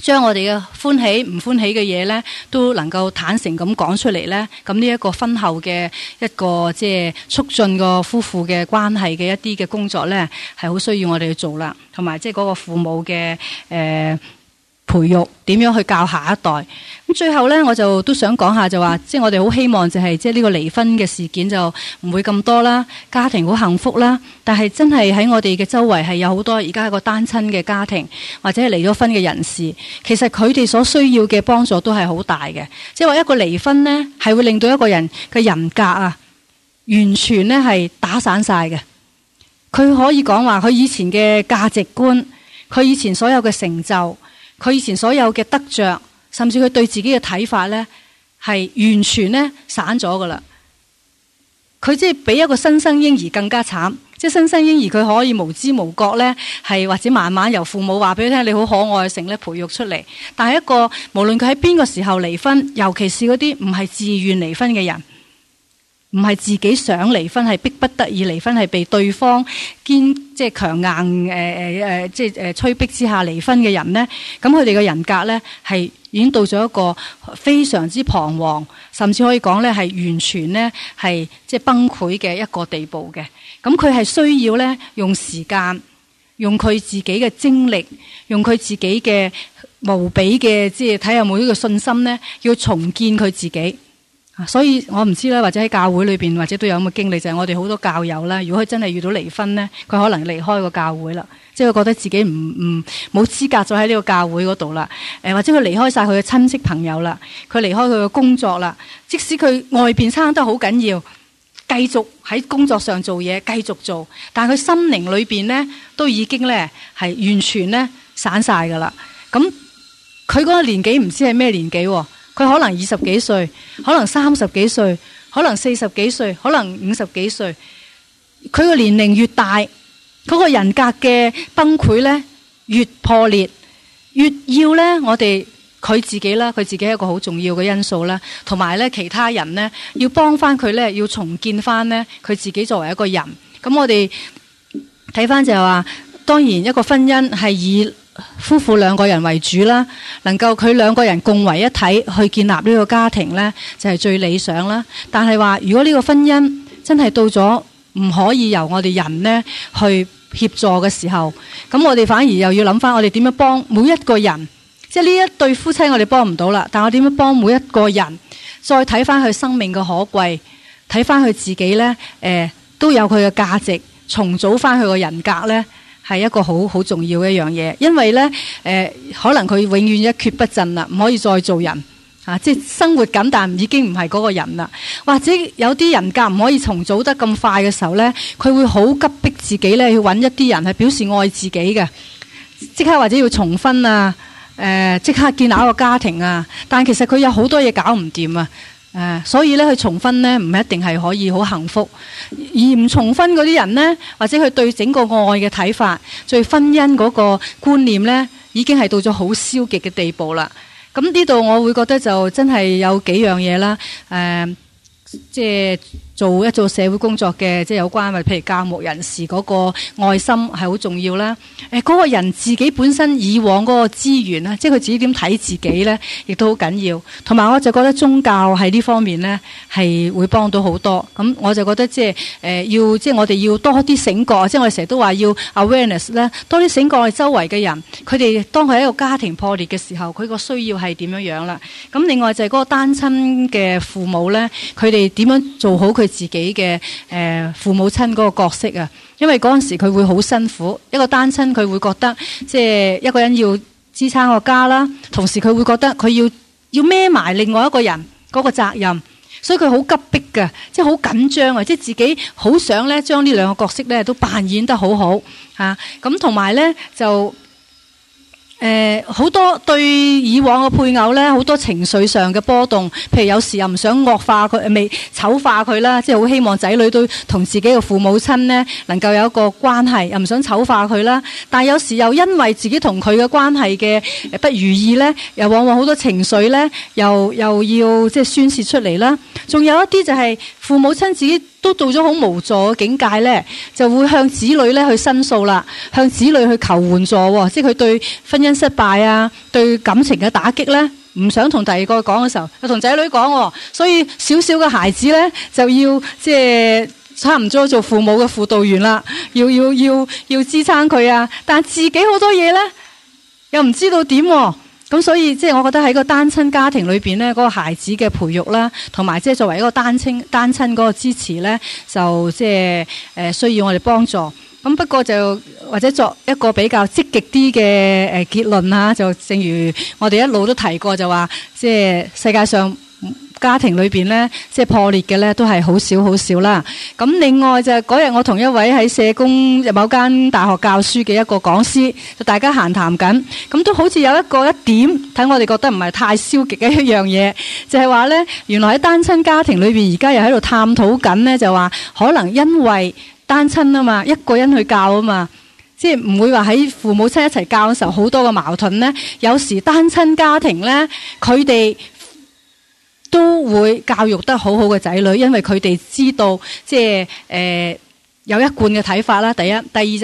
將我哋嘅歡喜唔歡喜嘅嘢咧，都能夠坦誠咁講出嚟咧。咁呢一個婚後嘅一個即係促進個夫婦嘅關係嘅一啲嘅工作咧，係好需要我哋去做啦。同埋即係嗰個父母嘅誒，呃培育點樣去教下一代？咁最後咧，我就都想講下就話，即係我哋好希望就係，即係呢個離婚嘅事件就唔會咁多啦，家庭好幸福啦。但係真係喺我哋嘅周圍係有好多而家一個單親嘅家庭，或者係離咗婚嘅人士，其實佢哋所需要嘅幫助都係好大嘅。即係話一個離婚呢，係會令到一個人嘅人格啊，完全呢係打散晒嘅。佢可以講話佢以前嘅價值觀，佢以前所有嘅成就。佢以前所有嘅得着，甚至佢對自己嘅睇法咧，係完全咧散咗噶啦。佢即係比一個新生嬰兒更加慘，即係新生嬰兒佢可以無知無覺咧，係或者慢慢由父母話俾佢聽：「你好可愛，成咧培育出嚟。但係一個無論佢喺邊個時候離婚，尤其是嗰啲唔係自願離婚嘅人。唔係自己想離婚，係迫不得已離婚，係被對方堅即係強硬誒誒誒，即係誒催逼之下離婚嘅人咧。咁佢哋嘅人格咧，係已經到咗一個非常之彷徨，甚至可以講咧係完全咧係即係崩潰嘅一個地步嘅。咁佢係需要咧用時間，用佢自己嘅精力，用佢自己嘅無比嘅即係睇下有冇呢個信心咧，要重建佢自己。所以我唔知啦，或者喺教會裏邊，或者都有咁嘅經歷，就係、是、我哋好多教友啦。如果佢真係遇到離婚咧，佢可能離開個教會啦，即係佢覺得自己唔唔冇資格再喺呢個教會嗰度啦。誒、呃，或者佢離開晒佢嘅親戚朋友啦，佢離開佢嘅工作啦。即使佢外邊生得好緊要，繼續喺工作上做嘢，繼續做，但係佢心靈裏邊咧都已經咧係完全咧散晒噶啦。咁佢嗰個年紀唔知係咩年紀、哦。佢可能二十幾歲，可能三十幾歲，可能四十幾歲，可能五十幾歲。佢個年齡越大，佢個人格嘅崩潰咧越破裂，越要咧我哋佢自己啦，佢自己是一個好重要嘅因素啦，同埋咧其他人咧要幫翻佢咧，要重建翻咧佢自己作為一個人。咁我哋睇翻就係話，當然一個婚姻係以，夫婦兩個人為主啦，能夠佢兩個人共為一體去建立呢個家庭呢，就係最理想啦。但係話，如果呢個婚姻真係到咗唔可以由我哋人呢去協助嘅時候，咁我哋反而又要諗翻，我哋點樣幫每一個人？即係呢一對夫妻，我哋幫唔到啦。但我點樣幫每一個人？再睇翻佢生命嘅可貴，睇翻佢自己呢，誒，都有佢嘅價值，重組翻佢個人格呢。係一個好好重要嘅一樣嘢，因為咧，誒、呃，可能佢永遠一蹶不振啦，唔可以再做人，吓、啊，即係生活緊，但係已經唔係嗰個人啦。或者有啲人格唔可以重組得咁快嘅時候咧，佢會好急迫自己咧去揾一啲人係表示愛自己嘅，即刻或者要重婚啊，誒、呃，即刻建立一個家庭啊。但其實佢有好多嘢搞唔掂啊。誒、啊，所以咧，佢重婚呢唔一定係可以好幸福。而唔重婚嗰啲人呢，或者佢對整個愛嘅睇法，對婚姻嗰個觀念呢，已經係到咗好消極嘅地步啦。咁呢度我會覺得就真係有幾樣嘢啦。誒、啊，即係做一做社會工作嘅，即係有關咪，譬如教牧人士嗰個愛心係好重要啦。誒、嗰個人自己本身以往個資源啊，即係佢自己點睇自己咧，亦都好緊要。同埋我就覺得宗教喺呢方面咧係會幫到好多。咁我就覺得，即係呃、即係誒要即係我哋要多啲醒覺，即係我哋成日都話要 awareness 咧，多啲醒覺我哋周圍嘅人，佢哋當佢係一個家庭破裂嘅時候，佢個需要係點樣樣啦。咁另外就係個單親嘅父母咧，佢哋點樣做好佢。自己嘅誒、呃、父母親嗰個角色啊，因為嗰陣時佢會好辛苦，一個單親佢會覺得即係一個人要支撐個家啦，同時佢會覺得佢要要孭埋另外一個人嗰個責任，所以佢好急迫㗎，即係好緊張啊！即係自己好想咧將呢兩個角色咧都扮演得好好嚇，咁同埋咧就。誒好多對以往嘅配偶咧，好多情緒上嘅波動，譬如有時又唔想惡化佢，未醜化佢啦，即係好希望仔女都同自己嘅父母親咧，能夠有一個關係，又唔想醜化佢啦。但有時又因為自己同佢嘅關係嘅不如意咧，又往往好多情緒咧，又又要即係宣洩出嚟啦。仲有一啲就係父母親自己。都到咗好無助嘅境界呢，就會向子女咧去申訴啦，向子女去求援助喎。即係佢對婚姻失敗啊，對感情嘅打擊呢，唔想同第二個講嘅時候，又同仔女講喎。所以小小嘅孩子呢，就要即係差唔多做父母嘅輔導員啦，要要要要支撐佢啊。但係自己好多嘢呢，又唔知道點喎。咁所以即係我覺得喺個單親家庭裏邊咧，嗰個孩子嘅培育啦，同埋即係作為一個單親單親嗰個支持咧，就即係誒需要我哋幫助。咁不過就或者作一個比較積極啲嘅誒結論啦，就正如我哋一路都提過，就話即係世界上。家庭裏邊咧，即係破裂嘅咧，都係好少好少啦。咁另外就嗰、是、日，那天我同一位喺社工某間大學教書嘅一個講師，就大家閒談緊，咁都好似有一個一點，睇我哋覺得唔係太消極嘅一樣嘢，就係話咧，原來喺單親家庭裏邊，而家又喺度探討緊呢，就話可能因為單親啊嘛，一個人去教啊嘛，即係唔會話喺父母親一齊教嘅時候好多嘅矛盾呢。有時單親家庭咧，佢哋都會教育得好好嘅仔女，因為佢哋知道即係、呃、有一貫嘅睇法啦。第一，第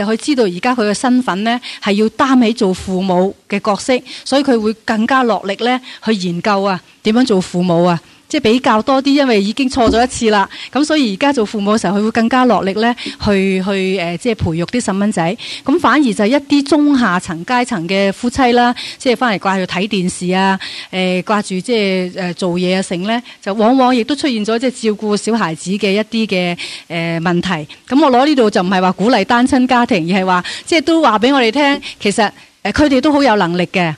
二就佢知道而家佢嘅身份咧，係要擔起做父母嘅角色，所以佢會更加落力咧去研究啊點樣做父母啊。即係比較多啲，因為已經錯咗一次啦，咁所以而家做父母嘅時候，佢會更加落力咧，去去、呃、即係培育啲細蚊仔。咁反而就一啲中下層階層嘅夫妻啦，即係翻嚟掛住睇電視啊，誒、呃、掛住即係做嘢啊，成咧，就往往亦都出現咗即係照顧小孩子嘅一啲嘅誒問題。咁我攞呢度就唔係話鼓勵單親家庭，而係話即係都話俾我哋聽，其實佢哋、呃、都好有能力嘅。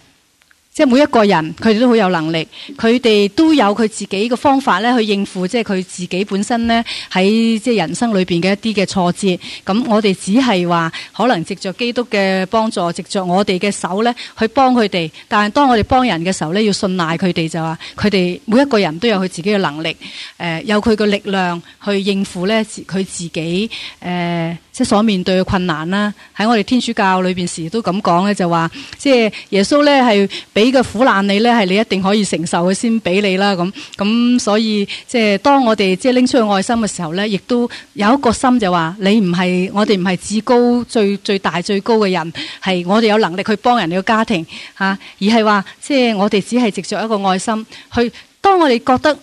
即係每一個人，佢哋都好有能力，佢哋都有佢自己嘅方法咧去應付，即係佢自己本身咧喺即係人生裏邊嘅一啲嘅挫折。咁我哋只係話，可能藉着基督嘅幫助，藉着我哋嘅手咧去幫佢哋。但係當我哋幫人嘅時候咧，要信賴佢哋就話，佢哋每一個人都有佢自己嘅能力，誒、呃、有佢嘅力量去應付咧佢自己誒。呃即係所面對嘅困難啦，喺我哋天主教裏邊時都咁講咧，就話即係耶穌咧係俾個苦難你咧，係你一定可以承受嘅先俾你啦咁。咁所以即係當我哋即係拎出去愛心嘅時候咧，亦都有一個心就話，你唔係我哋唔係至高最最大最高嘅人，係我哋有能力去幫人哋嘅家庭嚇、啊，而係話即係我哋只係藉着一個愛心去。當我哋覺得，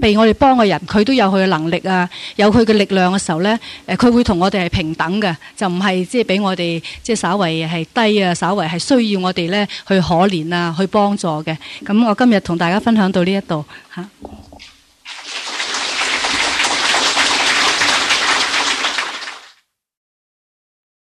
被我哋幫嘅人，佢都有佢嘅能力啊，有佢嘅力量嘅時候咧，誒，佢會同我哋係平等嘅，就唔係即係俾我哋即係稍為係低啊，稍為係需要我哋咧去可憐啊，去幫助嘅。咁我今日同大家分享到呢一度吓。